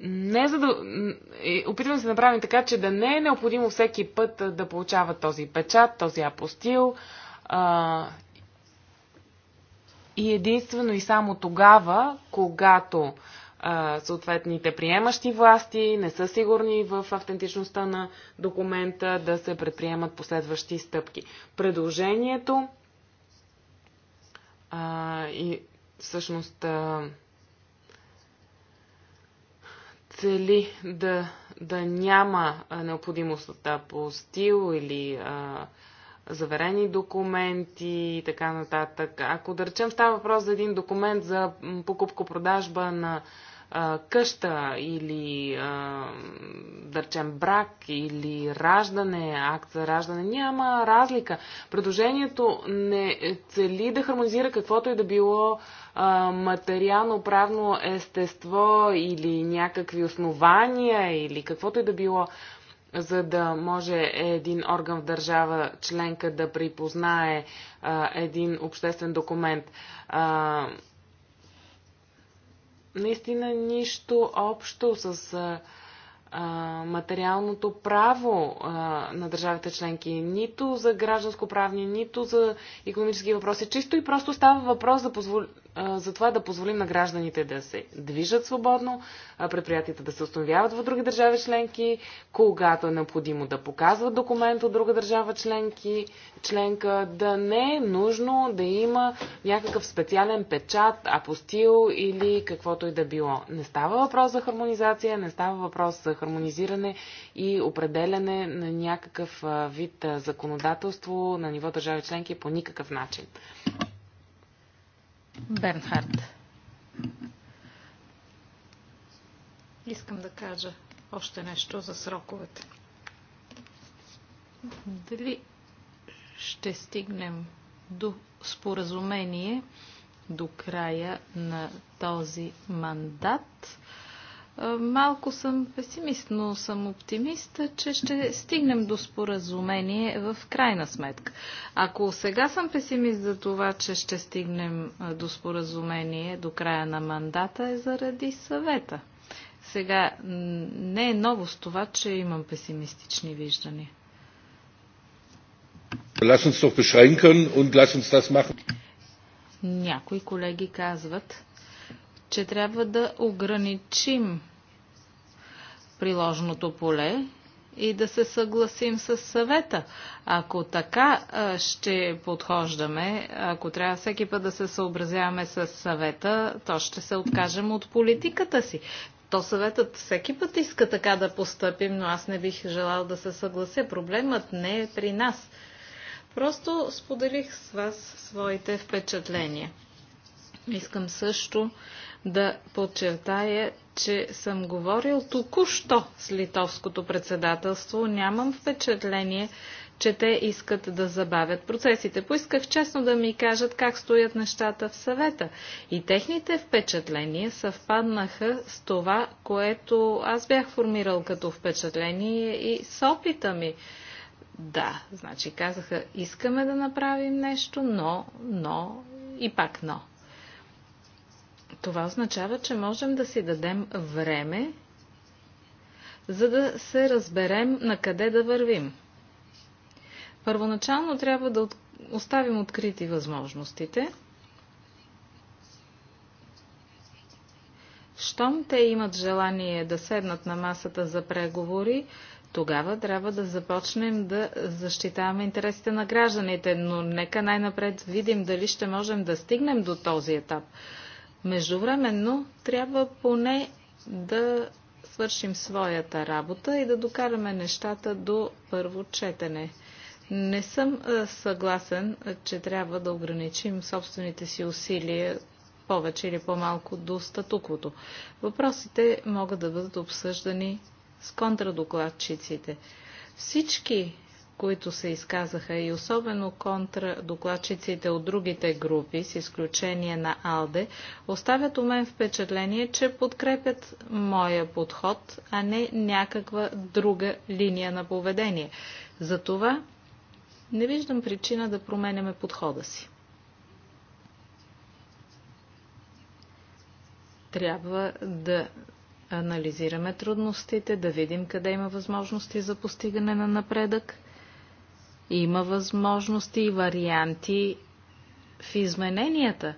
не за да... Опитваме се да направим така, че да не е необходимо всеки път да получава този печат, този апостил. А, и единствено и само тогава, когато а, съответните приемащи власти не са сигурни в автентичността на документа, да се предприемат последващи стъпки. Предложението а, и всъщност цели да, да няма необходимост от апостил или а, заверени документи и така нататък. Ако да речем става въпрос за един документ за покупко-продажба на къща или, а, да речем, брак или раждане, акт за раждане, няма разлика. Предложението не цели да хармонизира каквото и е да било материално-правно естество или някакви основания или каквото и е да било за да може един орган в държава членка да припознае а, един обществен документ. А, наистина нищо общо с а, материалното право а, на държавите членки, нито за гражданско-правни, нито за економически въпроси. Чисто и просто става въпрос за позвол за това да позволим на гражданите да се движат свободно, предприятията да се установяват в други държави членки, когато е необходимо да показват документ от друга държава членки, членка, да не е нужно да има някакъв специален печат, апостил или каквото и да било. Не става въпрос за хармонизация, не става въпрос за хармонизиране и определяне на някакъв вид законодателство на ниво държави членки по никакъв начин. Бернхард. Искам да кажа още нещо за сроковете. Дали ще стигнем до споразумение до края на този мандат? Е, малко съм песимист, но съм оптимист, че ще стигнем до споразумение в крайна сметка. Ако сега съм песимист за това, че ще стигнем е, до споразумение до края на мандата, е заради съвета. Сега не е ново с това, че имам песимистични виждания. Lass uns doch beschränken und lass uns das machen. Някои колеги казват, че трябва да ограничим приложното поле и да се съгласим с съвета. Ако така ще подхождаме, ако трябва всеки път да се съобразяваме с съвета, то ще се откажем от политиката си. То съветът всеки път иска така да постъпим, но аз не бих желал да се съглася. Проблемът не е при нас. Просто споделих с вас своите впечатления. Искам също да подчертая, че съм говорил току-що с литовското председателство. Нямам впечатление, че те искат да забавят процесите. Поисках честно да ми кажат как стоят нещата в съвета. И техните впечатления съвпаднаха с това, което аз бях формирал като впечатление и с опита ми. Да, значи казаха, искаме да направим нещо, но, но и пак но. Това означава, че можем да си дадем време, за да се разберем на къде да вървим. Първоначално трябва да оставим открити възможностите. Щом те имат желание да седнат на масата за преговори, тогава трябва да започнем да защитаваме интересите на гражданите, но нека най-напред видим дали ще можем да стигнем до този етап. Междувременно трябва поне да свършим своята работа и да докараме нещата до първо четене. Не съм съгласен, че трябва да ограничим собствените си усилия повече или по-малко до статуквото. Въпросите могат да бъдат обсъждани с контрадокладчиците. Всички които се изказаха и особено контра докладчиците от другите групи, с изключение на АЛДЕ, оставят у мен впечатление, че подкрепят моя подход, а не някаква друга линия на поведение. Затова не виждам причина да променяме подхода си. Трябва да анализираме трудностите, да видим къде има възможности за постигане на напредък – има възможности и варианти в измененията.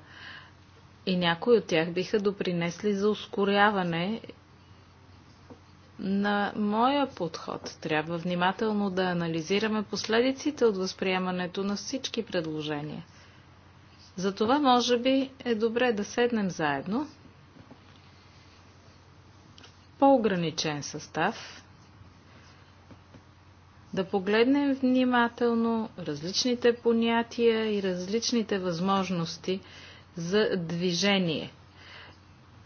И някои от тях биха допринесли за ускоряване на моя подход. Трябва внимателно да анализираме последиците от възприемането на всички предложения. Затова, може би, е добре да седнем заедно в по-ограничен състав да погледнем внимателно различните понятия и различните възможности за движение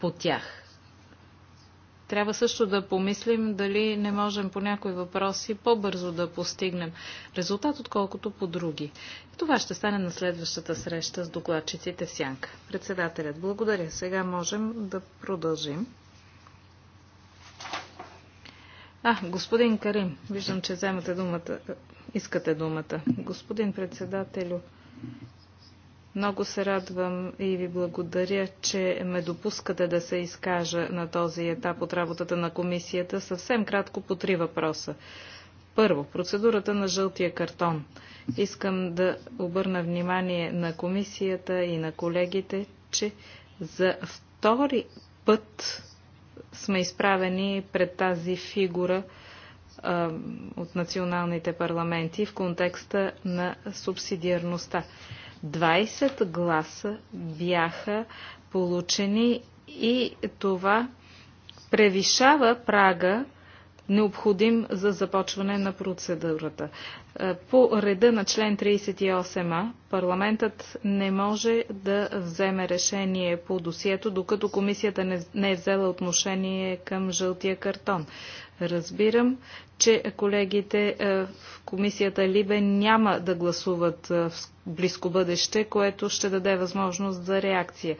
по тях. Трябва също да помислим дали не можем по някои въпроси по-бързо да постигнем резултат, отколкото по други. Това ще стане на следващата среща с докладчиците в Сянка. Председателят, благодаря. Сега можем да продължим. А, господин Карим, виждам, че вземате думата. Искате думата. Господин председателю, много се радвам и ви благодаря, че ме допускате да се изкажа на този етап от работата на комисията съвсем кратко по три въпроса. Първо, процедурата на жълтия картон. Искам да обърна внимание на комисията и на колегите, че за втори път сме изправени пред тази фигура а, от националните парламенти в контекста на субсидиарността. 20 гласа бяха получени и това превишава прага необходим за започване на процедурата. Е, по реда на член 38а, парламентът не може да вземе решение по досието, докато комисията не е взела отношение към жълтия картон. Разбирам, че колегите е, в комисията Либе няма да гласуват е, в близко бъдеще, което ще даде възможност за реакция.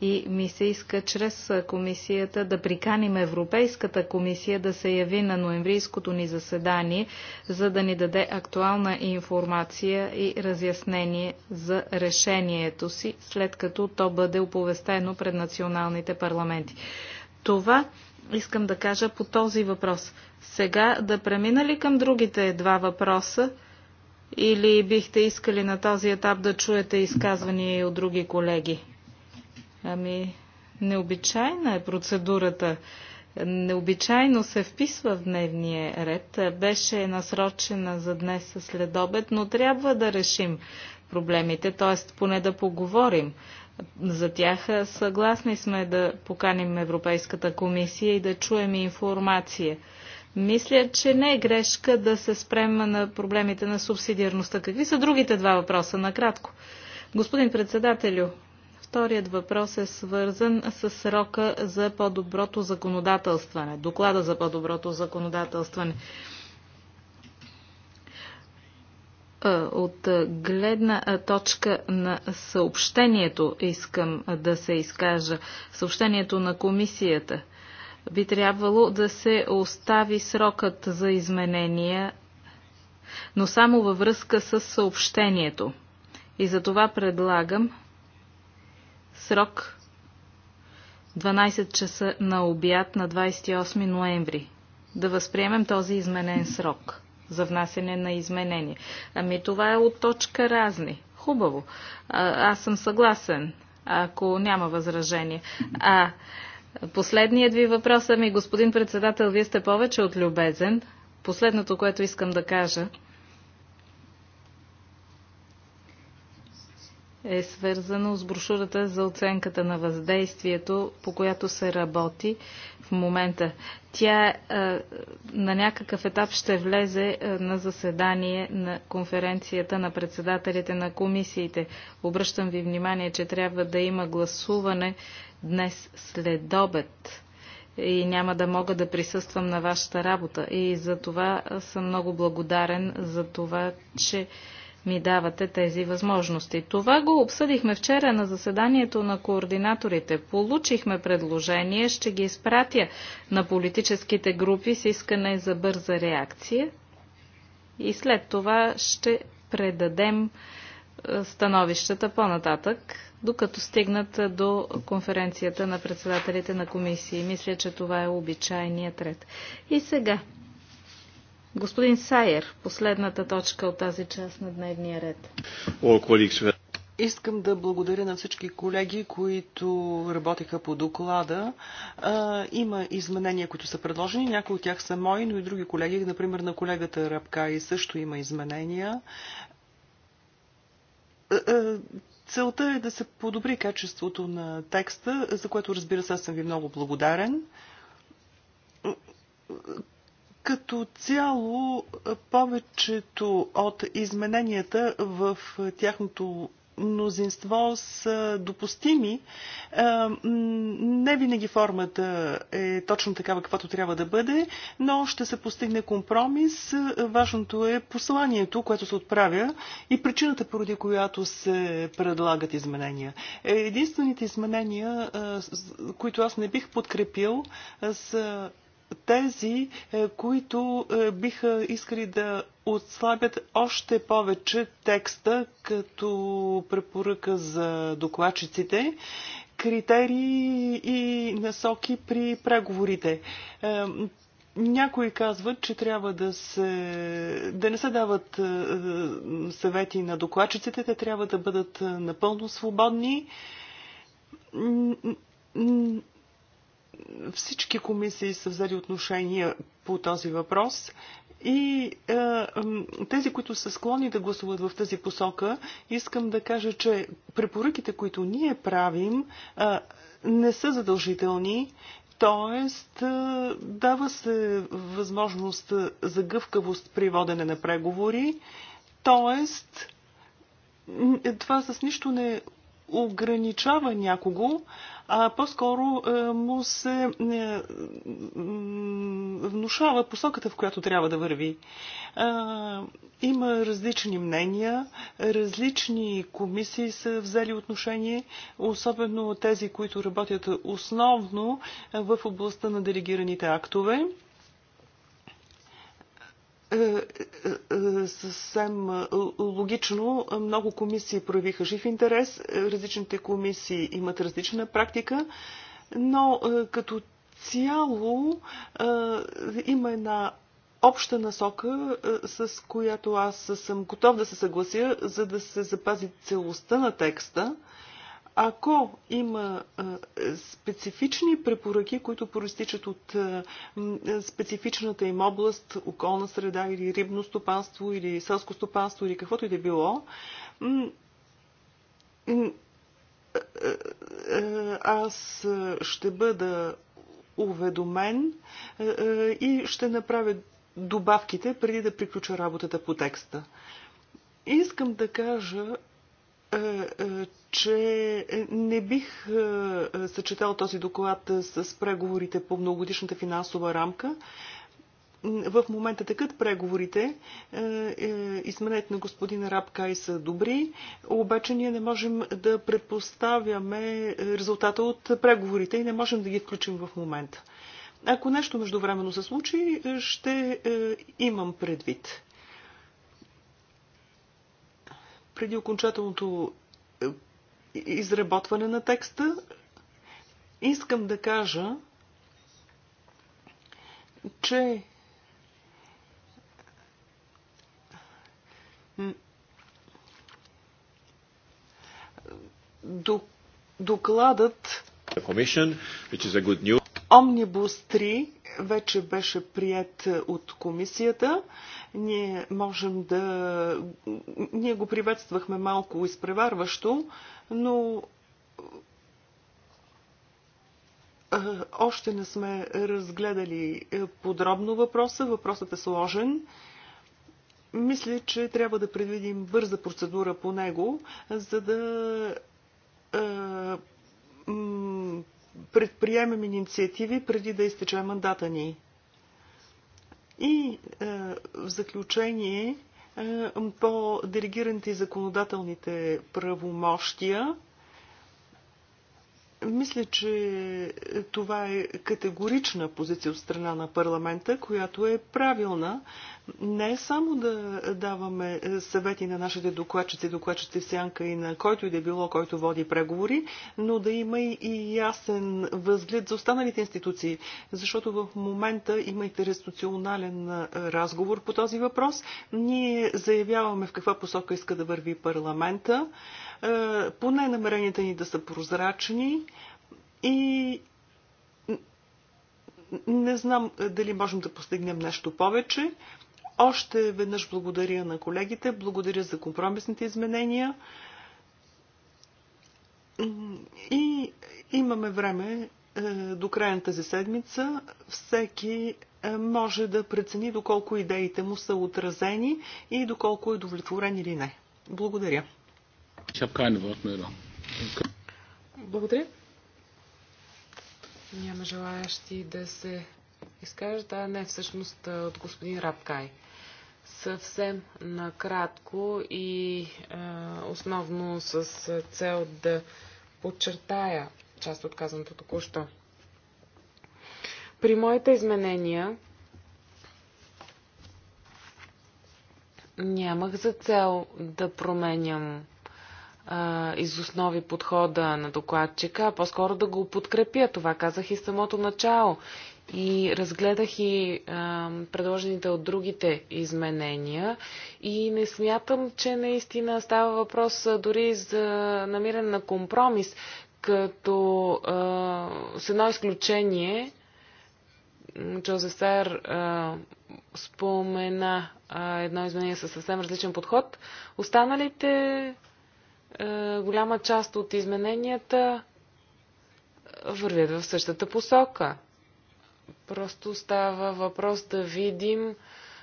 И ми се иска чрез е, комисията да приканим Европейската комисия да се яви на ноемврийското ни заседание, за да ни даде актуална информация и разяснение за решението си, след като то бъде оповестено пред националните парламенти. Това искам да кажа по този въпрос. Сега да премина ли към другите два въпроса или бихте искали на този етап да чуете изказвания от други колеги? Ами, необичайна е процедурата. Необичайно се вписва в дневния ред. Беше насрочена за днес след обед, но трябва да решим проблемите, т.е. поне да поговорим за тях. Съгласни сме да поканим Европейската комисия и да чуем информация. Мисля, че не е грешка да се спрем на проблемите на субсидиарността. Какви са другите два въпроса? Накратко. Господин председателю, вторият въпрос е свързан с срока за по-доброто законодателстване, доклада за по-доброто законодателстване. Е, от е, гледна е, точка на съобщението искам да се изкажа. Съобщението на комисията би трябвало да се остави срокът за изменения, но само във връзка с съобщението. И за това предлагам срок 12 часа на обяд на 28 ноември. Да възприемем този изменен срок за внасене на изменения. Ами това е от точка разни. Хубаво. А, аз съм съгласен, ако няма възражение. А последният ви въпрос, ами господин председател, вие сте повече от любезен. Последното, което искам да кажа, е свързано с брошурата за оценката на въздействието, по която се работи в момента. Тя е, на някакъв етап ще влезе е, на заседание на конференцията на председателите на комисиите. Обръщам ви внимание, че трябва да има гласуване днес след обед и няма да мога да присъствам на вашата работа. И за това е, съм много благодарен за това, че ми давате тези възможности. Това го обсъдихме вчера на заседанието на координаторите. Получихме предложение, ще ги изпратя на политическите групи с искане за бърза реакция и след това ще предадем е, становищата по-нататък, докато стигнат до конференцията на председателите на комисии. Мисля, че това е обичайният ред. И сега Господин Сайер, последната точка от тази част на дневния ред. Искам да благодаря на всички колеги, които работиха по доклада. има изменения, които са предложени. Някои от тях са мои, но и други колеги. Например, на колегата Рабка и също има изменения. Целта е да се подобри качеството на текста, за което разбира се аз съм ви много благодарен като цяло, повечето от измененията в тяхното мнозинство са допустими. Не винаги формата е точно такава, каквато трябва да бъде, но ще се постигне компромис. Важното е посланието, което се отправя и причината, поради която се предлагат изменения. Е, единствените изменения, които аз не бих подкрепил, са тези, е, които е, биха искали да отслабят още повече текста като препоръка за докладчиците, критерии и насоки при преговорите. Е, някои казват, че трябва да, се, да не се дават съвети на докладчиците, те трябва да бъдат напълно свободни всички комисии са взели отношение по този въпрос и е, тези, които са склонни да гласуват в тази посока, искам да кажа, че препоръките, които ние правим, е, не са задължителни, т.е. дава се възможност за гъвкавост при водене на преговори, т.е. това с нищо не ограничава някого, а по-скоро е, му се е, внушава посоката, в която трябва да върви. Има различни мнения, различни комисии са взели отношение, особено тези, които работят основно е, в областта на делегираните актове. Е, е, е, съвсем логично много комисии проявиха жив интерес, различните комисии имат различна практика, но като цяло има една обща насока, с която аз съм готов да се съглася, за да се запази целостта на текста. Ако има специфични препоръки, които проистичат от специфичната им област, околна среда или рибно стопанство или селско стопанство или каквото и да било, аз ще бъда уведомен и ще направя добавките преди да приключа работата по текста. Искам да кажа е, е, че не бих е, съчетал този доклад с преговорите по многогодишната финансова рамка. В момента такът преговорите, изменете на господин Рабкай са добри, обаче ние не можем да предпоставяме резултата от преговорите и не можем да ги включим в момента. Ако нещо междувременно се случи, ще имам предвид. преди окончателното е, изработване на текста, искам да кажа, че докладът Omnibus 3 вече беше прият от комисията. Ние можем да... Ние го приветствахме малко изпреварващо, но още не сме разгледали подробно въпроса. Въпросът е сложен. Мисля, че трябва да предвидим бърза процедура по него, за да предприемем инициативи преди да изтече мандата ни. И е, в заключение е, по делегираните и законодателните правомощия, мисля, че това е категорична позиция от страна на парламента, която е правилна, не само да даваме е, съвети на нашите докладчици, докладчици сянка и на който и да е било, който води преговори, но да има и ясен възглед за останалите институции, защото в момента има интернационален е, разговор по този въпрос. Ние заявяваме в каква посока иска да върви парламента, поне намеренията ни да са прозрачни и не знам дали можем да постигнем нещо повече. Още веднъж благодаря на колегите, благодаря за компромисните изменения. И имаме време е, до края на тази седмица. Всеки е, може да прецени доколко идеите му са отразени и доколко е удовлетворен или не. Благодаря. Благодаря. Няма желаящи да се изкажат. А не, всъщност е, от господин Рапкай съвсем накратко и е, основно с цел да подчертая част от казаното току-що. При моите изменения нямах за цел да променям а, е, из основи подхода на докладчика, а по-скоро да го подкрепя. Това казах и самото начало. И разгледах и а, предложените от другите изменения и не смятам, че наистина става въпрос дори за намиране на компромис, като а, с едно изключение Джозеф Сайер а, спомена а, едно изменение със съвсем различен подход. Останалите а, голяма част от измененията вървят в същата посока. Просто става въпрос да видим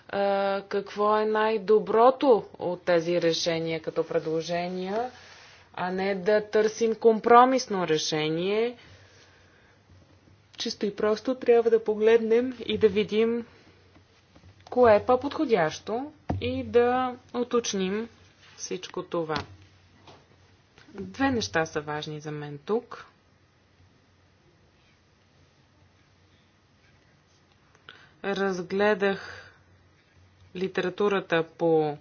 а, какво е най-доброто от тези решения като предложения, а не да търсим компромисно решение. Чисто и просто трябва да погледнем и да видим кое е по-подходящо и да уточним всичко това. Две неща са важни за мен тук. разгледах литературата по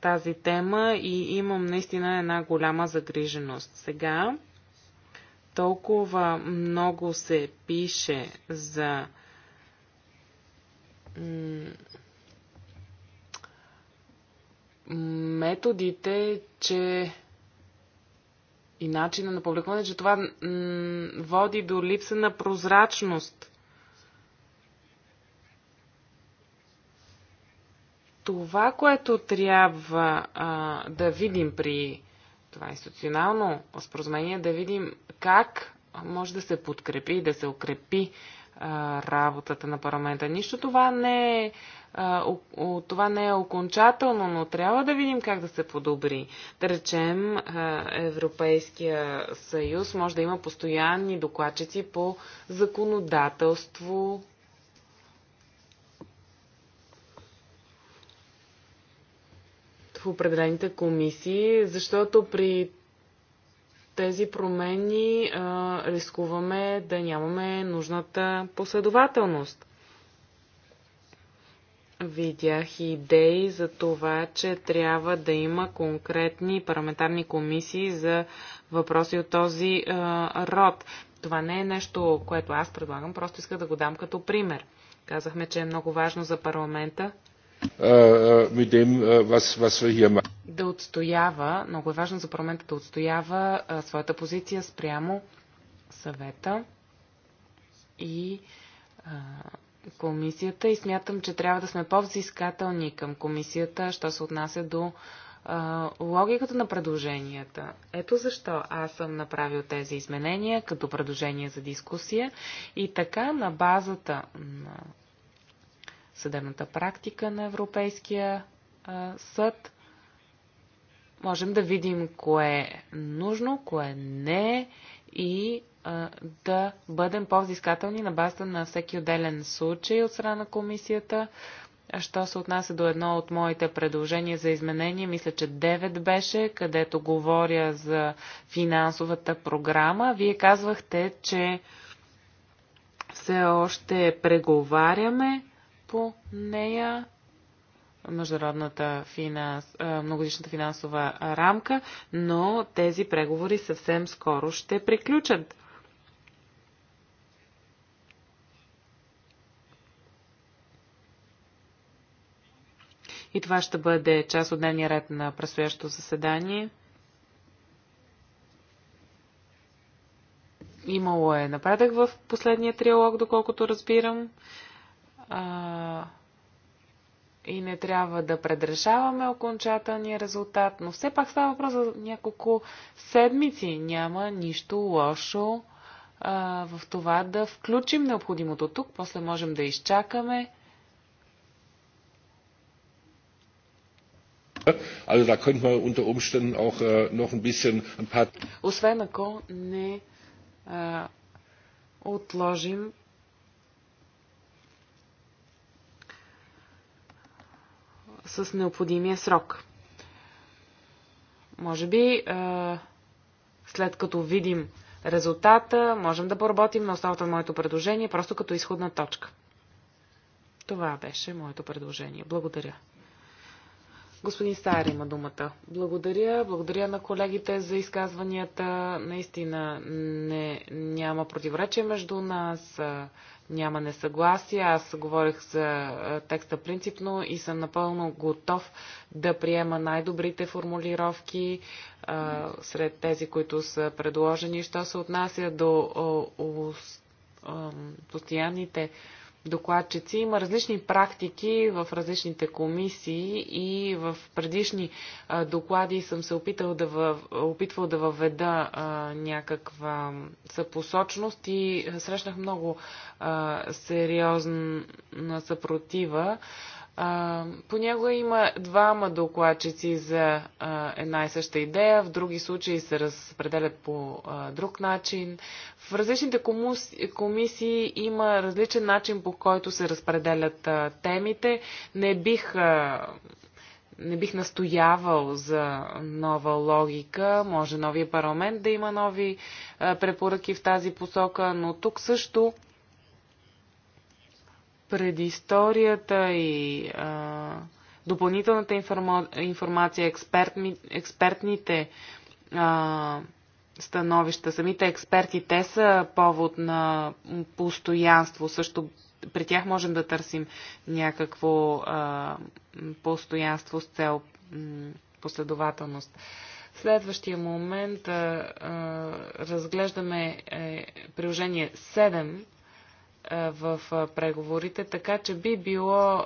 тази тема и имам наистина една голяма загриженост. Сега толкова много се пише за методите, че и начина на публикуване, че това води до липса на прозрачност Това, което трябва а, да видим при това институционално споразумение, е да видим как може да се подкрепи и да се укрепи а, работата на парламента. Нищо това не е това не е окончателно, но трябва да видим как да се подобри. Да речем, Европейския съюз може да има постоянни докладчици по законодателство определените комисии, защото при тези промени а, рискуваме да нямаме нужната последователност. Видях и идеи за това, че трябва да има конкретни парламентарни комисии за въпроси от този а, род. Това не е нещо, което аз предлагам, просто иска да го дам като пример. Казахме, че е много важно за парламента е, е, е, да отстоява, много е важно за парламента да отстоява а, своята позиция спрямо съвета и а, комисията и смятам, че трябва да сме по-взискателни към комисията, що се отнася до а, логиката на предложенията. Ето защо аз съм направил тези изменения като предложение за дискусия и така на базата на съдебната практика на Европейския съд. Можем да видим кое е нужно, кое не е и да бъдем по-взискателни на базата на всеки отделен случай от страна на комисията. Що се отнася до едно от моите предложения за изменение, мисля, че 9 беше, където говоря за финансовата програма. Вие казвахте, че все още преговаряме по нея, международната финанс, многодишната финансова рамка, но тези преговори съвсем скоро ще приключат. И това ще бъде част от дневния ред на предстоящото заседание. Имало е напредък в последния триалог, доколкото разбирам а, и не трябва да предрешаваме окончателния резултат, но все пак става въпрос за няколко седмици. Няма нищо лошо а, в това да включим необходимото тук, после можем да изчакаме. Also da könnte man unter Umständen auch äh, noch ein bisschen ein paar... Освен ако не а, отложим с необходимия срок. Може би, е, след като видим резултата, можем да поработим на основата на моето предложение, просто като изходна точка. Това беше моето предложение. Благодаря. Господин Стар има думата. Благодаря. Благодаря на колегите за изказванията. Наистина не, няма противоречие между нас няма несъгласие. Аз говорих за текста принципно и съм напълно готов да приема най-добрите формулировки а, сред тези, които са предложени. Що се отнася до о, о, о, постоянните докладчици. Има различни практики в различните комисии и в предишни а, доклади съм се опитал да въ... опитвал да въведа а, някаква съпосочност и срещнах много а, сериозна съпротива. А, понякога има двама докладчици за а, една и съща идея, в други случаи се разпределят по а, друг начин. В различните комус, комисии има различен начин по който се разпределят а, темите. Не бих. А, не бих настоявал за нова логика. Може новия парламент да има нови а, препоръки в тази посока, но тук също предисторията и а, допълнителната информа, информация, експертни, експертните а, становища, самите експерти, те са повод на постоянство. Също при тях можем да търсим някакво а, постоянство с цел последователност. Следващия момент а, а, разглеждаме а, е, приложение 7 в преговорите, така че би било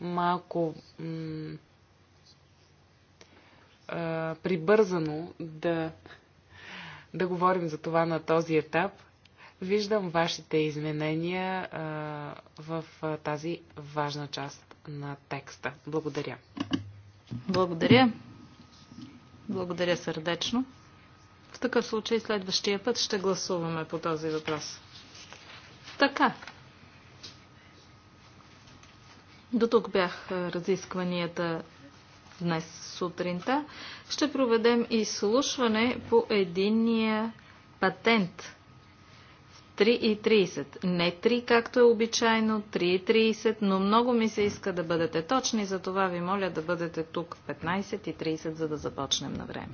малко прибързано да, да говорим за това на този етап. Виждам вашите изменения в тази важна част на текста. Благодаря. Благодаря. Благодаря сърдечно. В такъв случай следващия път ще гласуваме по този въпрос. Така. До тук бях разискванията днес сутринта. Ще проведем изслушване по единия патент. 3.30. Не 3, както е обичайно, 3.30, но много ми се иска да бъдете точни, затова ви моля да бъдете тук в 15.30, за да започнем на време.